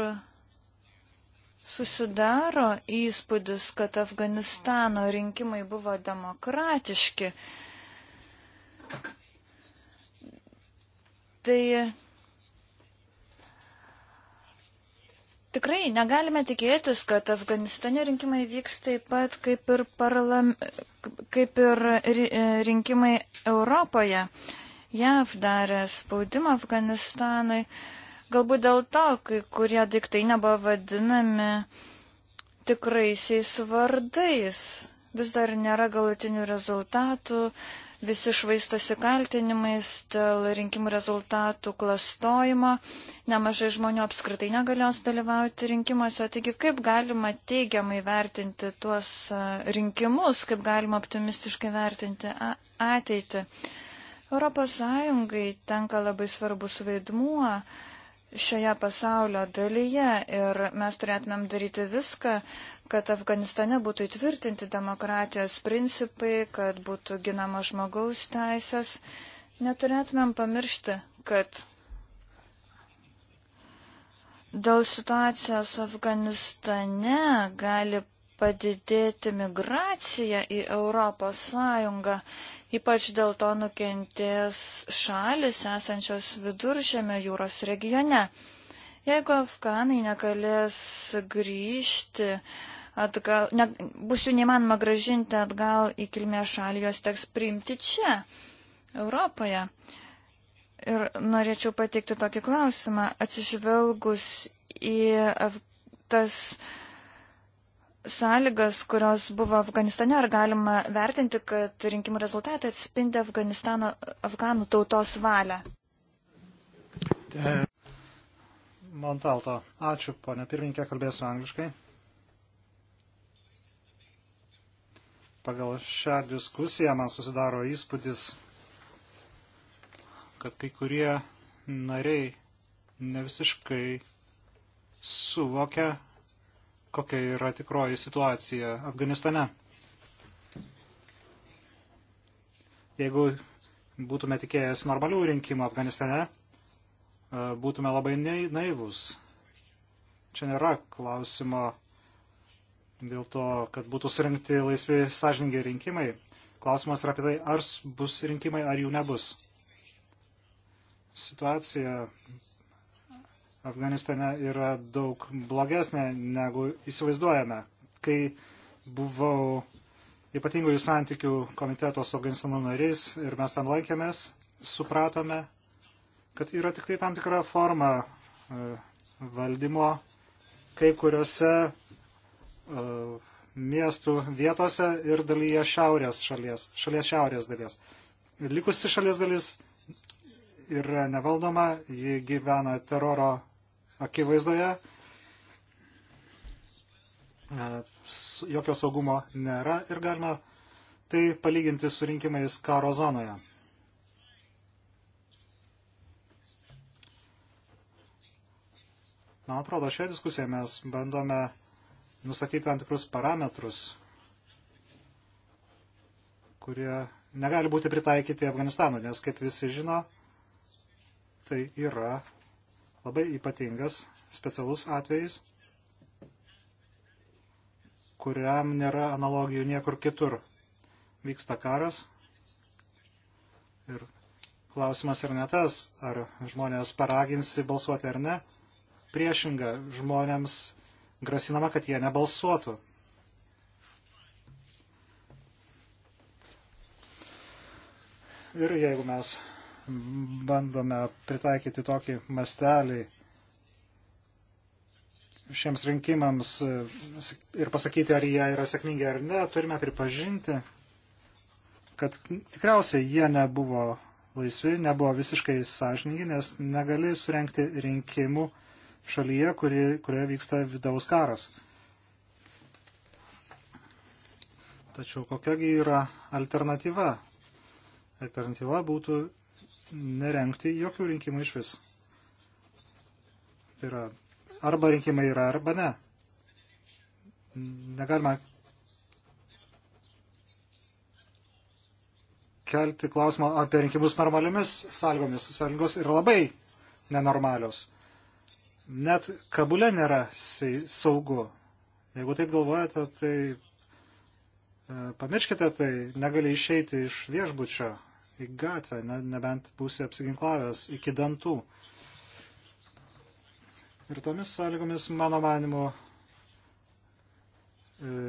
susidaro įspūdis, kad Afganistano rinkimai buvo demokratiški. Tai tikrai negalime tikėtis, kad Afganistane rinkimai vyks taip pat kaip ir, parlam, kaip ir e, rinkimai Europoje. JAV darė spaudimą Afganistanui. Uh, Galbūt dėl to, kai kurie daiktai nebuvo vadinami tikraisiais vardais. Vis dar nėra galutinių rezultatų, visi švaistosi kaltinimais dėl rinkimų rezultatų klastojimo, nemažai žmonių apskritai negalios dalyvauti rinkimuose, taigi kaip galima teigiamai vertinti tuos rinkimus, kaip galima optimistiškai vertinti ateitį. Europos Sąjungai tenka labai svarbus vaidmuo, šioje pasaulio dalyje ir mes turėtumėm daryti viską, kad Afganistane būtų įtvirtinti demokratijos principai, kad būtų ginama žmogaus teisės. Neturėtumėm pamiršti, kad dėl situacijos Afganistane gali padidėti migracija į Europos Sąjungą Ypač dėl to nukentės šalis esančios viduržėme jūros regione. Jeigu afganai negalės grįžti, atgal, ne, bus jų neįmanoma gražinti atgal į kilmės šalį, jos teks priimti čia, Europoje. Ir norėčiau pateikti tokį klausimą, atsižvelgus į tas sąlygas, kurios buvo Afganistane, ar galima vertinti, kad rinkimų rezultatai atspindi Afganistano, Afganų tautos valią? Montalto. Ačiū, ponė pirmininkė, kalbėsiu angliškai. Pagal šią diskusiją man susidaro įspūdis, kad kai kurie nariai ne visiškai suvokia kokia yra tikroji situacija Afganistane. Jeigu būtume tikėjęs normalių rinkimų Afganistane, e, būtume labai naivus. Čia nėra klausimo dėl to, kad būtų surinkti laisvi sąžininkai rinkimai. Klausimas yra apie tai, ar bus rinkimai, ar jų nebus. Situacija Afganistane yra daug blogesnė negu įsivaizduojame. Kai buvau ypatingųjų santykių komiteto su Afganistanu nariais ir mes ten lankėmės, supratome, kad yra tik tai tam tikra forma e, valdymo kai kuriuose e, miestų vietose ir dalyje šiaurės šalies, šalies šiaurės dalies. Ir likusi šalies dalis yra nevaldoma, ji gyvena teroro akivaizdoje. E, jokio saugumo nėra ir galima tai palyginti su rinkimais karo zonoje. Man atrodo, šioje diskusijoje mes bandome nustatyti tam tikrus parametrus, kurie negali būti pritaikyti Afganistanui, nes, kaip visi žino, tai yra labai ypatingas, specialus atvejis, kuriam nėra analogijų niekur kitur. Vyksta karas ir klausimas ir netas, ar žmonės paraginsi balsuoti ar ne. Priešinga, žmonėms grasinama, kad jie nebalsuotų. Ir jeigu mes bandome pritaikyti tokį mastelį šiems rinkimams e, ir pasakyti, ar jie yra sėkmingi ar ne, turime pripažinti, kad tikriausiai jie nebuvo laisvi, nebuvo visiškai sąžiningi, nes negali surenkti rinkimų šalyje, kuri, kurioje vyksta vidaus karas. Tačiau kokiagi yra alternatyva? Alternatyva būtų nerengti jokių rinkimų iš vis. Tai yra arba rinkimai yra, arba ne. Negalima kelti klausimą apie rinkimus normaliomis sąlygomis. Sąlygos yra labai nenormalios. Net kabule nėra saugu. Jeigu taip galvojate, tai e, pamirškite tai, negali išeiti iš viešbučio į gatvę, ne, nebent būsi apsiginklavęs iki dantų. Ir tomis sąlygomis, mano manimu, e,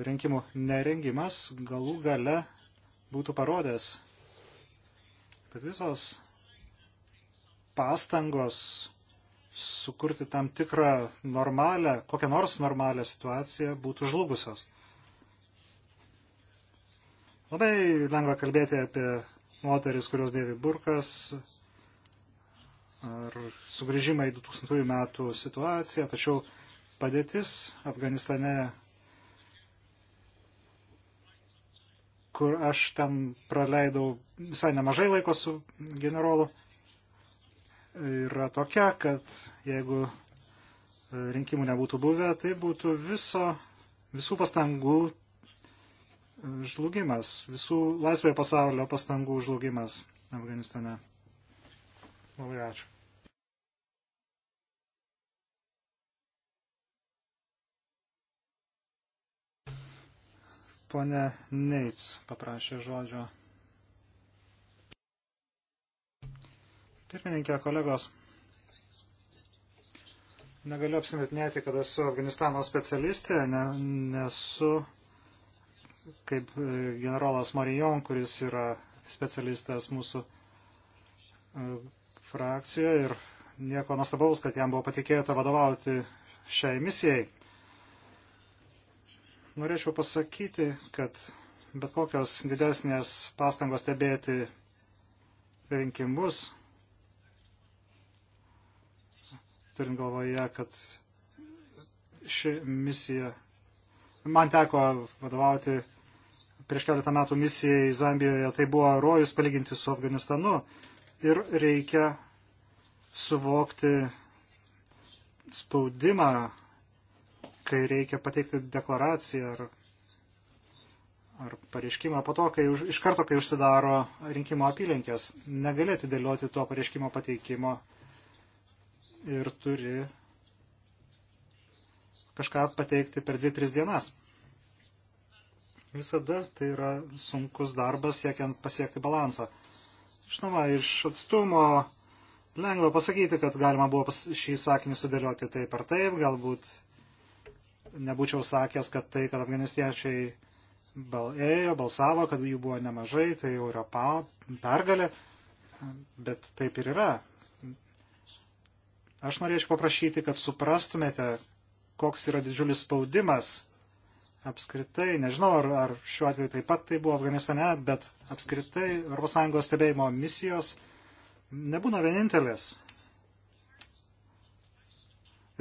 rinkimų nerengimas galų gale būtų parodęs, kad visos pastangos sukurti tam tikrą normalę, kokią nors normalią situaciją būtų žlugusios. Labai lengva kalbėti apie moteris, kurios dėvi burkas, ar sugrįžimą į 2000 metų situaciją, tačiau padėtis Afganistane, kur aš ten praleidau visai nemažai laiko su generolu, yra tokia, kad jeigu rinkimų nebūtų buvę, tai būtų viso, visų pastangų žlugimas, visų laisvojo pasaulio pastangų žlugimas Afganistane. Labai ačiū. Pone Neits paprašė žodžio. Pirmininkė, kolegos, negaliu apsimetinėti, kad esu Afganistano specialistė, ne, nesu kaip e, generolas Marijon, kuris yra specialistas mūsų e, frakcijoje ir nieko nuostabaus, kad jam buvo patikėta vadovauti šiai misijai. Norėčiau pasakyti, kad bet kokios didesnės pastangos stebėti rinkimus, turint galvoje, kad ši misija Man teko vadovauti prieš keletą metų misijai Zambijoje. Tai buvo rojus palyginti su Afganistanu. Ir reikia suvokti spaudimą, kai reikia pateikti deklaraciją ar, ar pareiškimą. Po to, kai už, iš karto, kai užsidaro rinkimo apylinkės, negalėti dėlioti to pareiškimo pateikimo ir turi kažką pateikti per 2-3 dienas. Visada tai yra sunkus darbas siekiant pasiekti balansą. Žinoma, iš atstumo lengva pasakyti, kad galima buvo šį sakinį sudėlioti taip ar taip, galbūt nebūčiau sakęs, kad tai, kad afganistiečiai bal ėjo, balsavo, kad jų buvo nemažai, tai jau yra pa, pergalė, bet taip ir yra. Aš norėčiau paprašyti, kad suprastumėte, koks yra didžiulis spaudimas apskritai, nežinau, ar, ar šiuo atveju taip pat tai buvo Afganistane, bet apskritai ES stebėjimo misijos nebūna vienintelės.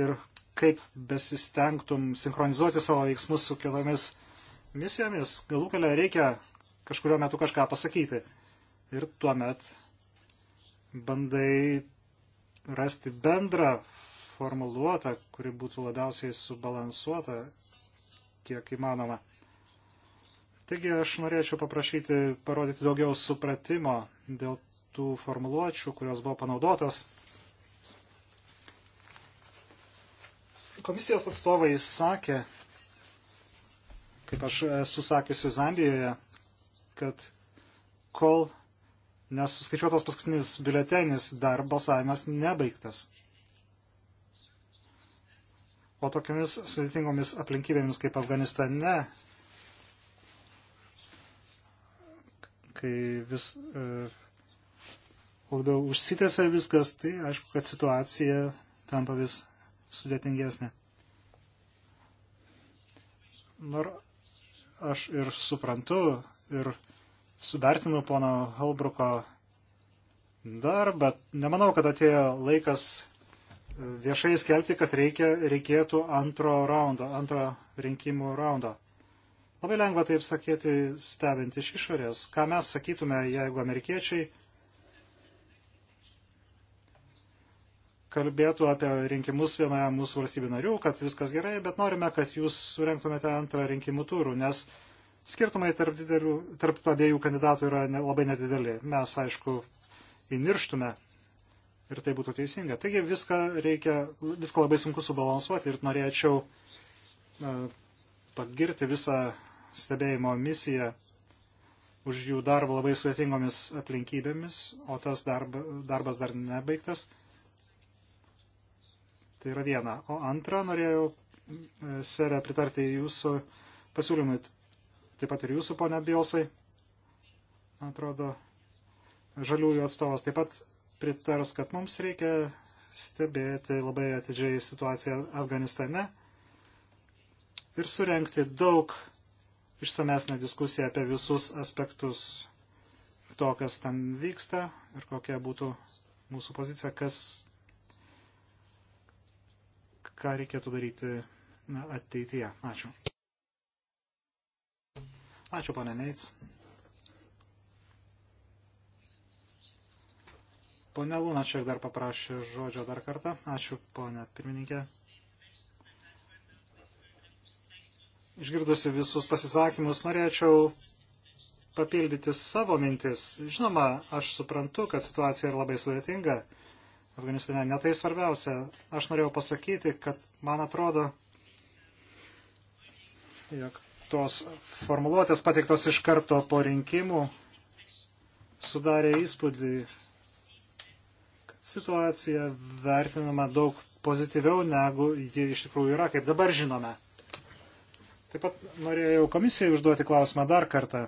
Ir kaip besistengtum sinchronizuoti savo veiksmus su kitomis misijomis, galų galia reikia kažkurio metu kažką pasakyti. Ir tuomet bandai rasti bendrą formuluotą, kuri būtų labiausiai subalansuota, kiek įmanoma. Taigi aš norėčiau paprašyti parodyti daugiau supratimo dėl tų formuluočių, kurios buvo panaudotos. Komisijos atstovai sakė, kaip aš esu sakiusi Zambijoje, kad kol nesuskaičiuotas paskutinis biuletenis, dar balsavimas nebaigtas. O tokiamis sudėtingomis aplinkybėmis kaip Afganistane, kai vis e, labiau užsitęsia viskas, tai aišku, kad situacija tampa vis sudėtingesnė. Nors aš ir suprantu ir suvertinu pono Halbruko darbą, nemanau, kad atėjo laikas viešai skelbti, kad reikia, reikėtų antro raundo, antro rinkimų raundo. Labai lengva taip sakyti, stebint iš išorės. Ką mes sakytume, jeigu amerikiečiai kalbėtų apie rinkimus vienoje mūsų valstybių narių, kad viskas gerai, bet norime, kad jūs surenktumėte antrą rinkimų turų, nes skirtumai tarp, didelių, tarp abiejų kandidatų yra ne, labai nedideli. Mes, aišku, įnirštume ir tai būtų teisinga. Taigi viską reikia, viską labai sunku subalansuoti ir norėčiau e, pagirti visą stebėjimo misiją už jų darbą labai sudėtingomis aplinkybėmis, o tas darba, darbas dar nebaigtas. Tai yra viena. O antra, norėjau, e, serė, pritarti jūsų pasiūlymui, taip pat ir jūsų, ponia Bielsai. Man atrodo, žaliųjų atstovas taip pat pritars, kad mums reikia stebėti labai atidžiai situaciją Afganistane ir surenkti daug išsamesnę diskusiją apie visus aspektus to, kas ten vyksta ir kokia būtų mūsų pozicija, kas, ką reikėtų daryti na, ateityje. Ačiū. Ačiū, pane Neits. Pone Lunačiak dar paprašė žodžio dar kartą. Ačiū, ponė pirmininkė. Išgirdusi visus pasisakymus, norėčiau papildyti savo mintis. Žinoma, aš suprantu, kad situacija yra labai sudėtinga. Afganistane netai svarbiausia. Aš norėjau pasakyti, kad man atrodo, jog tos formuluotės pateiktos iš karto po rinkimų sudarė įspūdį, situacija vertinama daug pozityviau, negu ji iš tikrųjų yra, kaip dabar žinome. Taip pat norėjau komisijai užduoti klausimą dar kartą.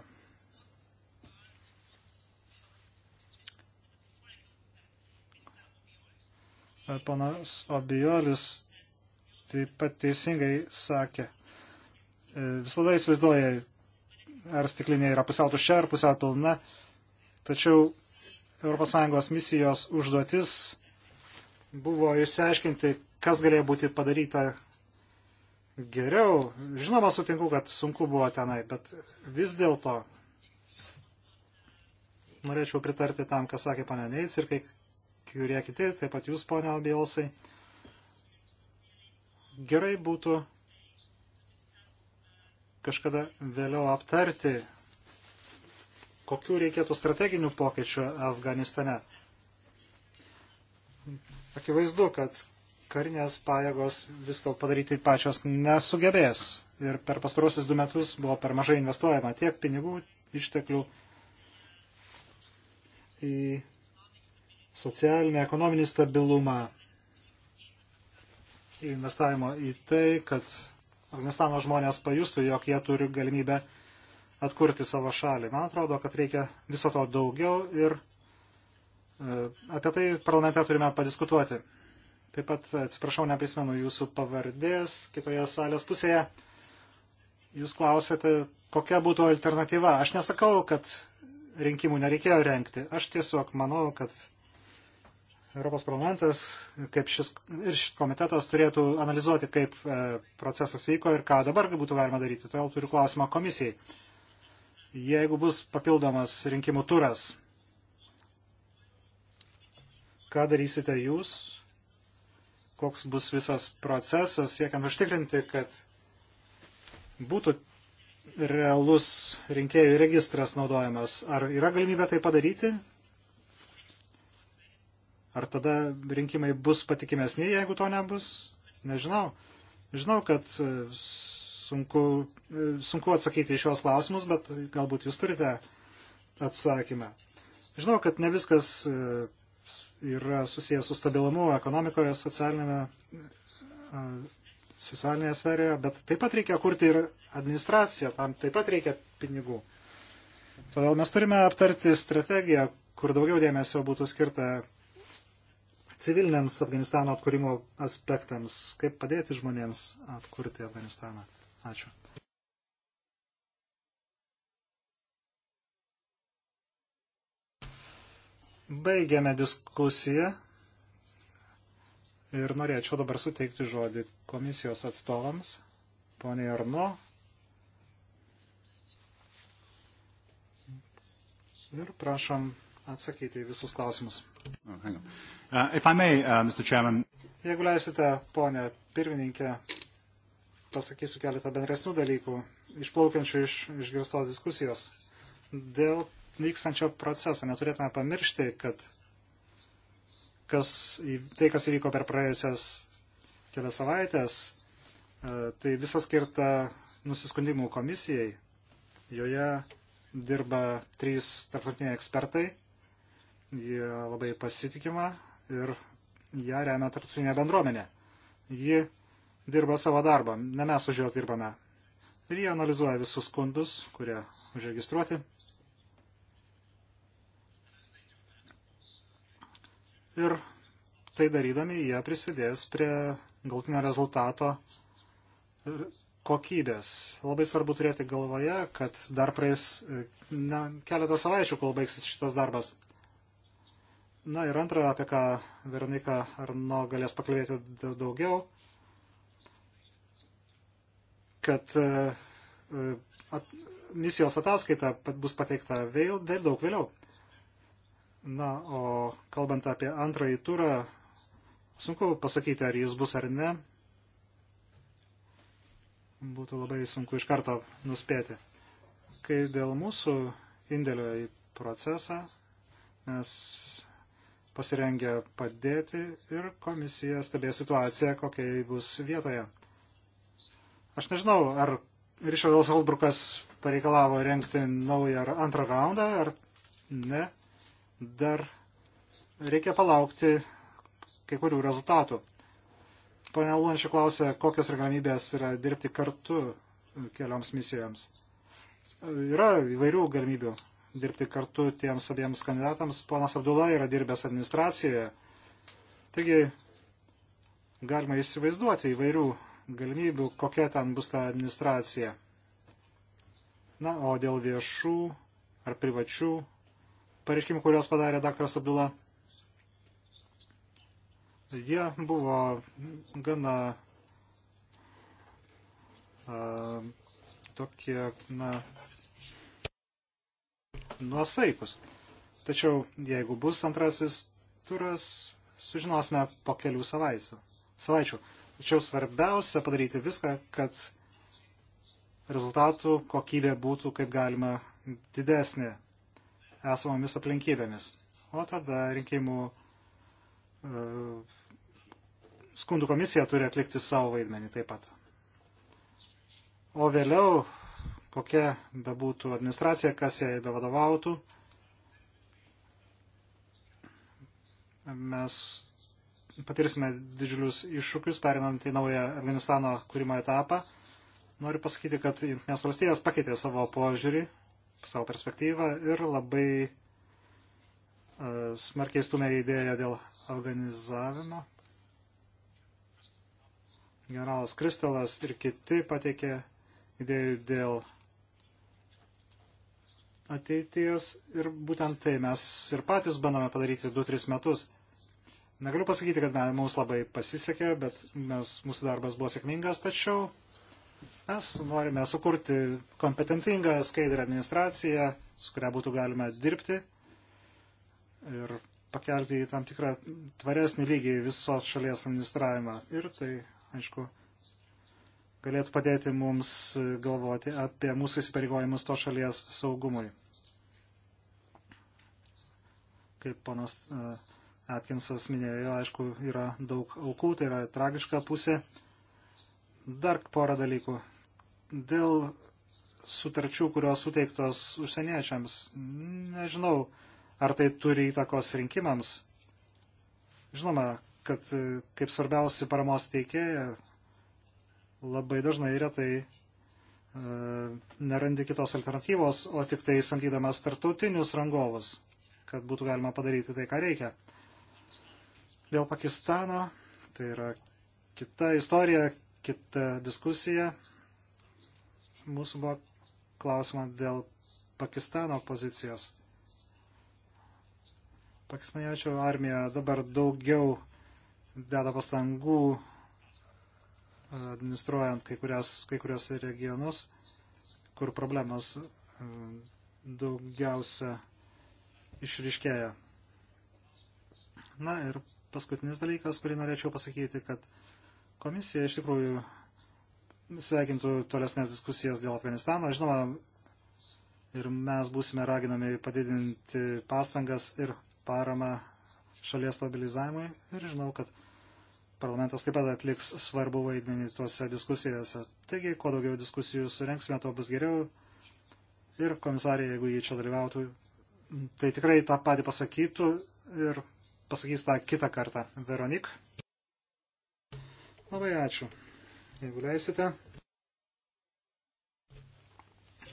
Ponas Obiolis taip pat teisingai sakė. E, visada įsivaizduoja, ar stiklinė yra pusiau tuščia, ar pusiau pilna. Tačiau ES misijos užduotis buvo išsiaiškinti, kas galėjo būti padaryta geriau. Žinoma, sutinku, kad sunku buvo tenai, bet vis dėlto norėčiau pritarti tam, ką sakė pane Neits ir kai kurie kiti, taip pat jūs, ponia Bielsai. Gerai būtų kažkada vėliau aptarti kokių reikėtų strateginių pokyčių Afganistane. Akivaizdu, kad karinės pajėgos visko padaryti pačios nesugebės. Ir per pastarosius du metus buvo per mažai investuojama tiek pinigų, išteklių į socialinį, ekonominį stabilumą, investavimo į tai, kad Afganistano žmonės pajustų, jog jie turi galimybę atkurti savo šalį. Man atrodo, kad reikia viso to daugiau ir e, apie tai parlamente turime padiskutuoti. Taip pat atsiprašau, neprisimenu jūsų pavardės kitoje salės pusėje. Jūs klausėte, kokia būtų alternatyva. Aš nesakau, kad rinkimų nereikėjo renkti. Aš tiesiog manau, kad Europos parlamentas kaip šis, ir šis komitetas turėtų analizuoti, kaip e, procesas vyko ir ką dabar būtų galima daryti. Todėl turiu klausimą komisijai jeigu bus papildomas rinkimų turas. Ką darysite jūs? Koks bus visas procesas, siekiant užtikrinti, kad būtų realus rinkėjų registras naudojamas? Ar yra galimybė tai padaryti? Ar tada rinkimai bus patikimesni, jeigu to nebus? Nežinau. Žinau, kad sunku, e, sunku atsakyti į šios klausimus, bet galbūt jūs turite atsakymą. Žinau, kad ne viskas e, yra susijęs su stabilumu ekonomikoje, socialinėme, e, socialinėje sferoje, bet taip pat reikia kurti ir administraciją, tam taip pat reikia pinigų. Todėl mes turime aptarti strategiją, kur daugiau dėmesio būtų skirta civiliniams Afganistano atkūrimo aspektams, kaip padėti žmonėms atkurti Afganistaną. Ačiū. Baigiame diskusiją ir norėčiau dabar suteikti žodį komisijos atstovams, poniai Arno Ir prašom atsakyti į visus klausimus. Oh, uh, may, uh, Jeigu leisite, ponė pirmininkė, pasakysiu keletą bendresnių dalykų, išplaukiančių iš išgirstos diskusijos. Dėl vykstančio proceso neturėtume pamiršti, kad kas, tai, kas įvyko per praėjusias kelias savaitės, e, tai visas skirta nusiskundimų komisijai. Joje dirba trys tarptautiniai ekspertai. Jie labai pasitikima ir ją remia tarptautinė bendruomenė. Ji dirba savo darbą, ne mes už juos dirbame. Ir jie analizuoja visus skundus, kurie užregistruoti. Ir tai darydami jie prisidės prie galtinio rezultato kokybės. Labai svarbu turėti galvoje, kad dar praeis e, ne, keletą savaičių, kol baigsis šitas darbas. Na ir antra, apie ką Veronika Arno galės pakalbėti daugiau, kad e, e, at, misijos ataskaita bus pateikta vėl, dar daug vėliau. Na, o kalbant apie antrąjį turą, sunku pasakyti, ar jis bus ar ne. Būtų labai sunku iš karto nuspėti. Kai dėl mūsų indėlio į procesą, mes pasirengę padėti ir komisija stebės situaciją, kokia bus vietoje. Aš nežinau, ar Ričardas Holbrukas pareikalavo renkti naują ar antrą raundą, ar ne. Dar reikia palaukti kai kurių rezultatų. Pane Lunčiu klausė, kokios yra galimybės yra dirbti kartu kelioms misijoms. Yra įvairių galimybių dirbti kartu tiems abiems kandidatams. Ponas Abdula yra dirbęs administracijoje. Taigi galima įsivaizduoti įvairių galimybių, kokia ten bus ta administracija. Na, o dėl viešų ar privačių pareiškimų, kuriuos padarė daktaras Abdula, jie buvo gana a, tokie, na, nuosaikus. Tačiau jeigu bus antrasis turas, sužinosime po kelių savaisų, savaičių. Tačiau svarbiausia padaryti viską, kad rezultatų kokybė būtų kaip galima didesnė esamomis aplinkybėmis. O tada rinkimų e, skundų komisija turi atlikti savo vaidmenį taip pat. O vėliau, kokia bebūtų administracija, kas jai bevadovautų, mes patirsime didžiulius iššūkius perinant į naują Afganistano kūrimo etapą. Noriu pasakyti, kad Junktinės valstijos pakeitė savo požiūrį, savo perspektyvą ir labai uh, smarkiai stumė idėją dėl organizavimo. Generalas Kristelas ir kiti pateikė idėjų dėl ateities ir būtent tai mes ir patys bandome padaryti 2-3 metus. Negaliu pasakyti, kad mums labai pasisekė, bet mes, mūsų darbas buvo sėkmingas, tačiau mes norime sukurti kompetentingą, skaidrę administraciją, su kuria būtų galima dirbti ir pakelti į tam tikrą tvaresnį lygį visos šalies administravimą. Ir tai, aišku, galėtų padėti mums galvoti apie mūsų įsipareigojimus to šalies saugumui. Kaip ponas uh, Atkinsas minėjo, aišku, yra daug aukų, tai yra tragiška pusė. Dar porą dalykų. Dėl sutarčių, kurios suteiktos užsieniečiams, nežinau, ar tai turi įtakos rinkimams. Žinoma, kad e, kaip svarbiausi paramos teikėja labai dažnai retai e, nerandi kitos alternatyvos, o tik tai samdydamas tartautinius rangovus, kad būtų galima padaryti tai, ką reikia. Dėl Pakistano, tai yra kita istorija, kita diskusija. Mūsų buvo klausima dėl Pakistano pozicijos. Pakistaniečių armija dabar daugiau deda pastangų e, administruojant kai, kurias, kai kurios regionus, kur problemas e, daugiausia išriškėja. Na ir paskutinis dalykas, kurį norėčiau pasakyti, kad komisija iš tikrųjų sveikintų tolesnės diskusijas dėl Afganistano. Žinoma, ir mes būsime raginami padidinti pastangas ir paramą šalies stabilizavimui. Ir žinau, kad parlamentas taip pat atliks svarbu vaidmenį tuose diskusijose. Taigi, kuo daugiau diskusijų surenksime, to bus geriau. Ir komisarė, jeigu jį čia dalyvautų, tai tikrai tą patį pasakytų ir pasakys tą kitą kartą. Veronik. Labai ačiū. Jeigu leisite,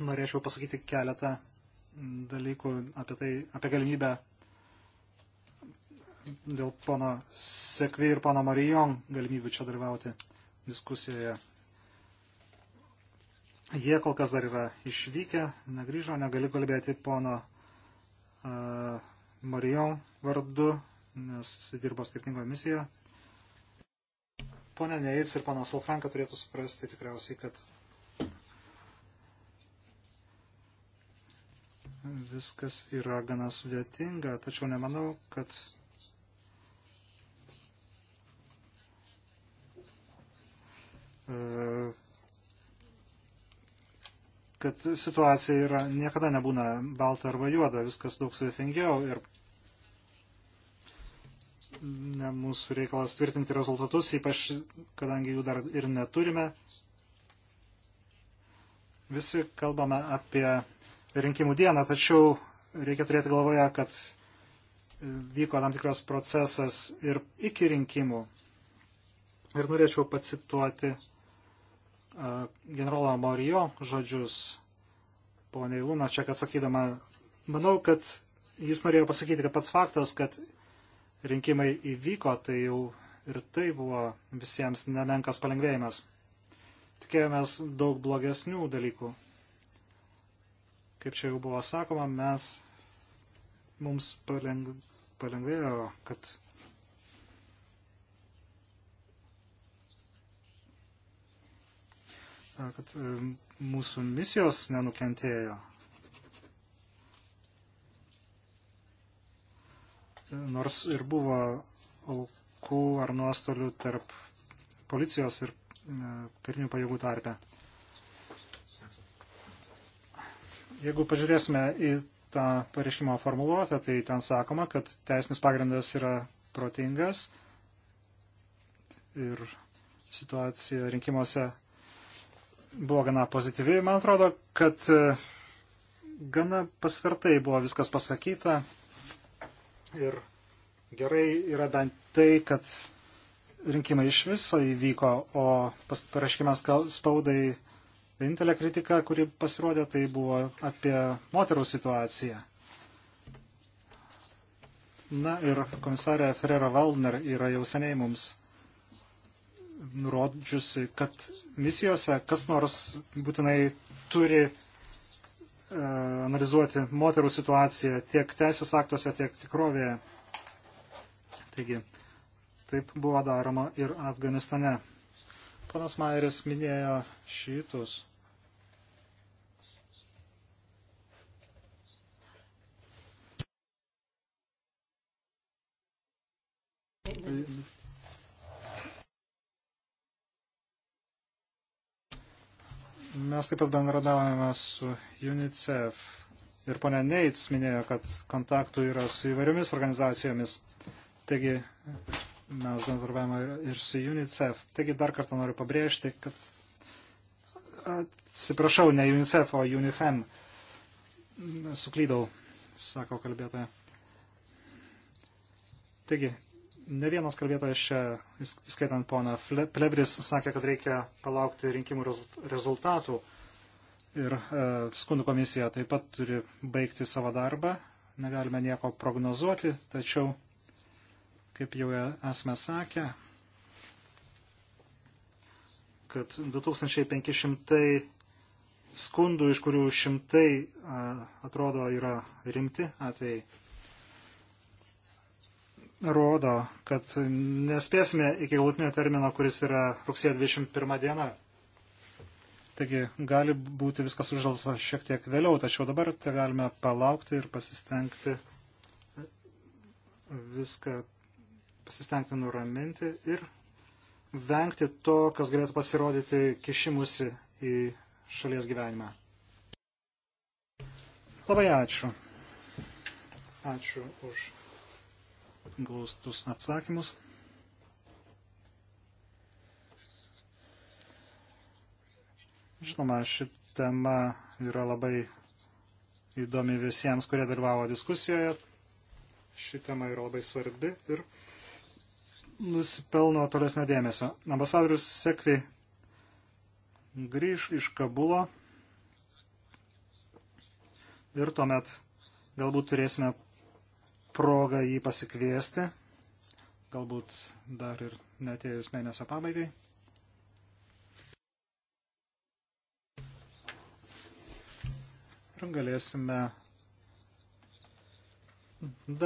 norėčiau pasakyti keletą dalykų apie, tai, apie galimybę dėl pono Sekvi ir pono Marijon galimybių čia dalyvauti diskusijoje. Jie kol kas dar yra išvykę, negryžo, negaliu kalbėti pono uh, Marijon vardu, nes jis dirbo skirtingo misiją. Pone Neits ir pana Salfranka turėtų suprasti tikriausiai, kad viskas yra gana sudėtinga, tačiau nemanau, kad e, kad situacija yra, niekada nebūna balta arba juoda, viskas daug sudėtingiau ir ne mūsų reikalas tvirtinti rezultatus, ypač kadangi jų dar ir neturime. Visi kalbame apie rinkimų dieną, tačiau reikia turėti galvoje, kad vyko tam tikras procesas ir iki rinkimų. Ir norėčiau pacituoti generolo Morijo žodžius poniai Luna, čia atsakydama, manau, kad jis norėjo pasakyti, kad pats faktas, kad rinkimai įvyko, tai jau ir tai buvo visiems nemenkas palengvėjimas. Tikėjomės daug blogesnių dalykų. Kaip čia jau buvo sakoma, mes mums paleng, palengvėjo, kad kad e, mūsų misijos nenukentėjo. nors ir buvo aukų ar nuostolių tarp policijos ir karinių e, pajėgų tarpe. Jeigu pažiūrėsime į tą pareiškimo formuluotę, tai ten sakoma, kad teisinis pagrindas yra protingas ir situacija rinkimuose buvo gana pozityvi. Man atrodo, kad e, gana pasvertai buvo viskas pasakyta Ir gerai yra bent tai, kad rinkimai iš viso įvyko, o pareiškimas spaudai vienintelė kritika, kuri pasirodė, tai buvo apie moterų situaciją. Na ir komisarė Ferrera Valner yra jau seniai mums nurodžiusi, kad misijose kas nors būtinai turi E, analizuoti moterų situaciją tiek teisės aktuose, tiek tikrovėje. Taigi, taip buvo daroma ir Afganistane. Panas Mairis minėjo šitus. Thank you. Mes taip pat bendradavome su UNICEF. Ir ponia Neits minėjo, kad kontaktų yra su įvairiomis organizacijomis. Taigi mes bendradarbiavame ir su UNICEF. Taigi dar kartą noriu pabrėžti, kad atsiprašau, ne UNICEF, o UNIFEM. Suklydau, sako kalbėtoja. Taigi, Ne vienas kalbėtojas čia, skaitant poną Plebris, sakė, kad reikia palaukti rinkimų rezultatų. Ir e, skundų komisija taip pat turi baigti savo darbą. Negalime nieko prognozuoti, tačiau, kaip jau e, esame sakę, kad 2500 skundų, iš kurių šimtai e, atrodo yra rimti atvejai, rodo, kad nespėsime iki galutinio termino, kuris yra rugsėjo 21 diena. Taigi gali būti viskas uždalsa šiek tiek vėliau, tačiau dabar tai galime palaukti ir pasistengti viską, pasistengti nuraminti ir vengti to, kas galėtų pasirodyti kišimusi į šalies gyvenimą. Labai ačiū. Ačiū už glaustus atsakymus. Žinoma, ši tema yra labai įdomi visiems, kurie dalyvavo diskusijoje. Ši tema yra labai svarbi ir nusipelno tolesnio dėmesio. Ambasadorius Sekvi grįž iš Kabulo ir tuomet galbūt turėsime progą jį pasikviesti, galbūt dar ir netėjus mėnesio pabaigai. Ir galėsime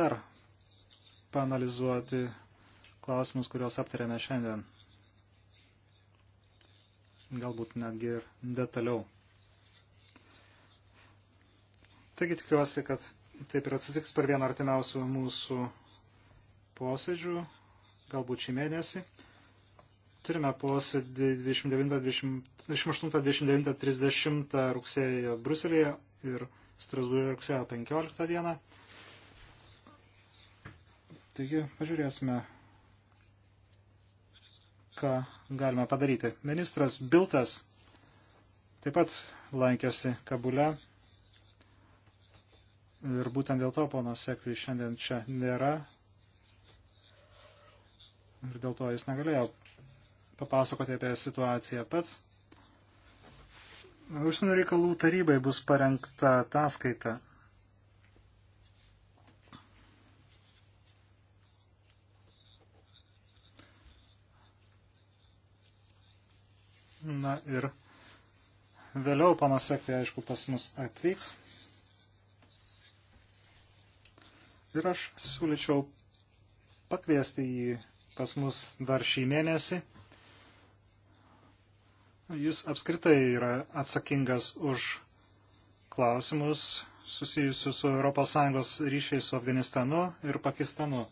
dar panalizuoti klausimus, kuriuos aptarėme šiandien. Galbūt netgi ir detaliau. Taigi tikiuosi, kad taip ir atsitiks per vieną artimiausių mūsų posėdžių, galbūt šį mėnesį. Turime posėdį 28-29-30 rugsėjo Bruselėje ir Strasbūrė rugsėjo 15 dieną. Taigi, pažiūrėsime, ką galime padaryti. Ministras Biltas taip pat lankėsi Kabule Ir būtent dėl to pono Sekvi šiandien čia nėra. Ir dėl to jis negalėjo papasakoti apie situaciją pats. Užsienio reikalų tarybai bus parengta ataskaita. Na ir vėliau panas Sekvi, aišku, pas mus atvyks. Ir aš siūlyčiau pakviesti jį pas mus dar šį mėnesį. Jis apskritai yra atsakingas už klausimus susijusius su ES ryšiais su Afganistanu ir Pakistanu.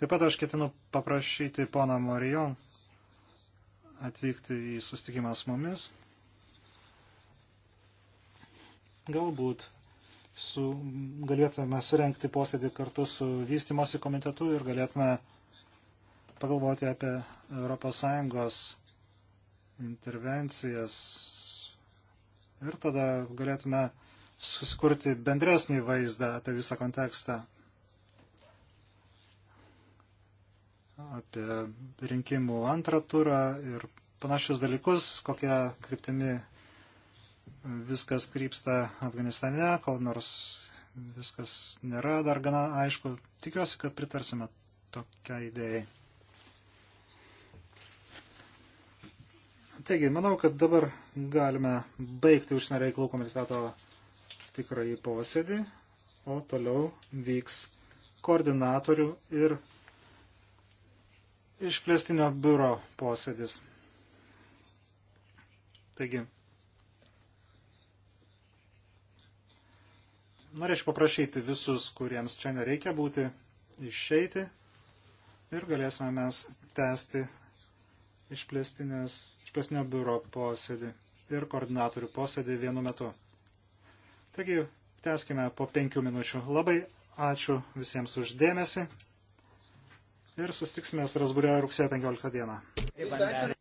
Taip pat aš ketinu paprašyti poną Morijon atvykti į sustikimą su mumis. Galbūt su, galėtume surenkti posėdį kartu su vystimosi komitetu ir galėtume pagalvoti apie ES intervencijas ir tada galėtume susikurti bendresnį vaizdą apie visą kontekstą, apie rinkimų antrą turą ir panašius dalykus, kokie kryptimi viskas krypsta Afganistane, kol nors viskas nėra dar gana aišku. Tikiuosi, kad pritarsime tokia idėjai. Taigi, manau, kad dabar galime baigti užsienio reikalų komiteto tikrai posėdį, o toliau vyks koordinatorių ir išplėstinio biuro posėdis. Taigi, Norėčiau paprašyti visus, kuriems čia nereikia būti, išeiti ir galėsime mes tęsti išplėstinio biuro posėdį ir koordinatorių posėdį vienu metu. Taigi, tęskime po penkių minučių. Labai ačiū visiems uždėmesi ir sustiksime Strasbūrė rugsėjo 15 dieną.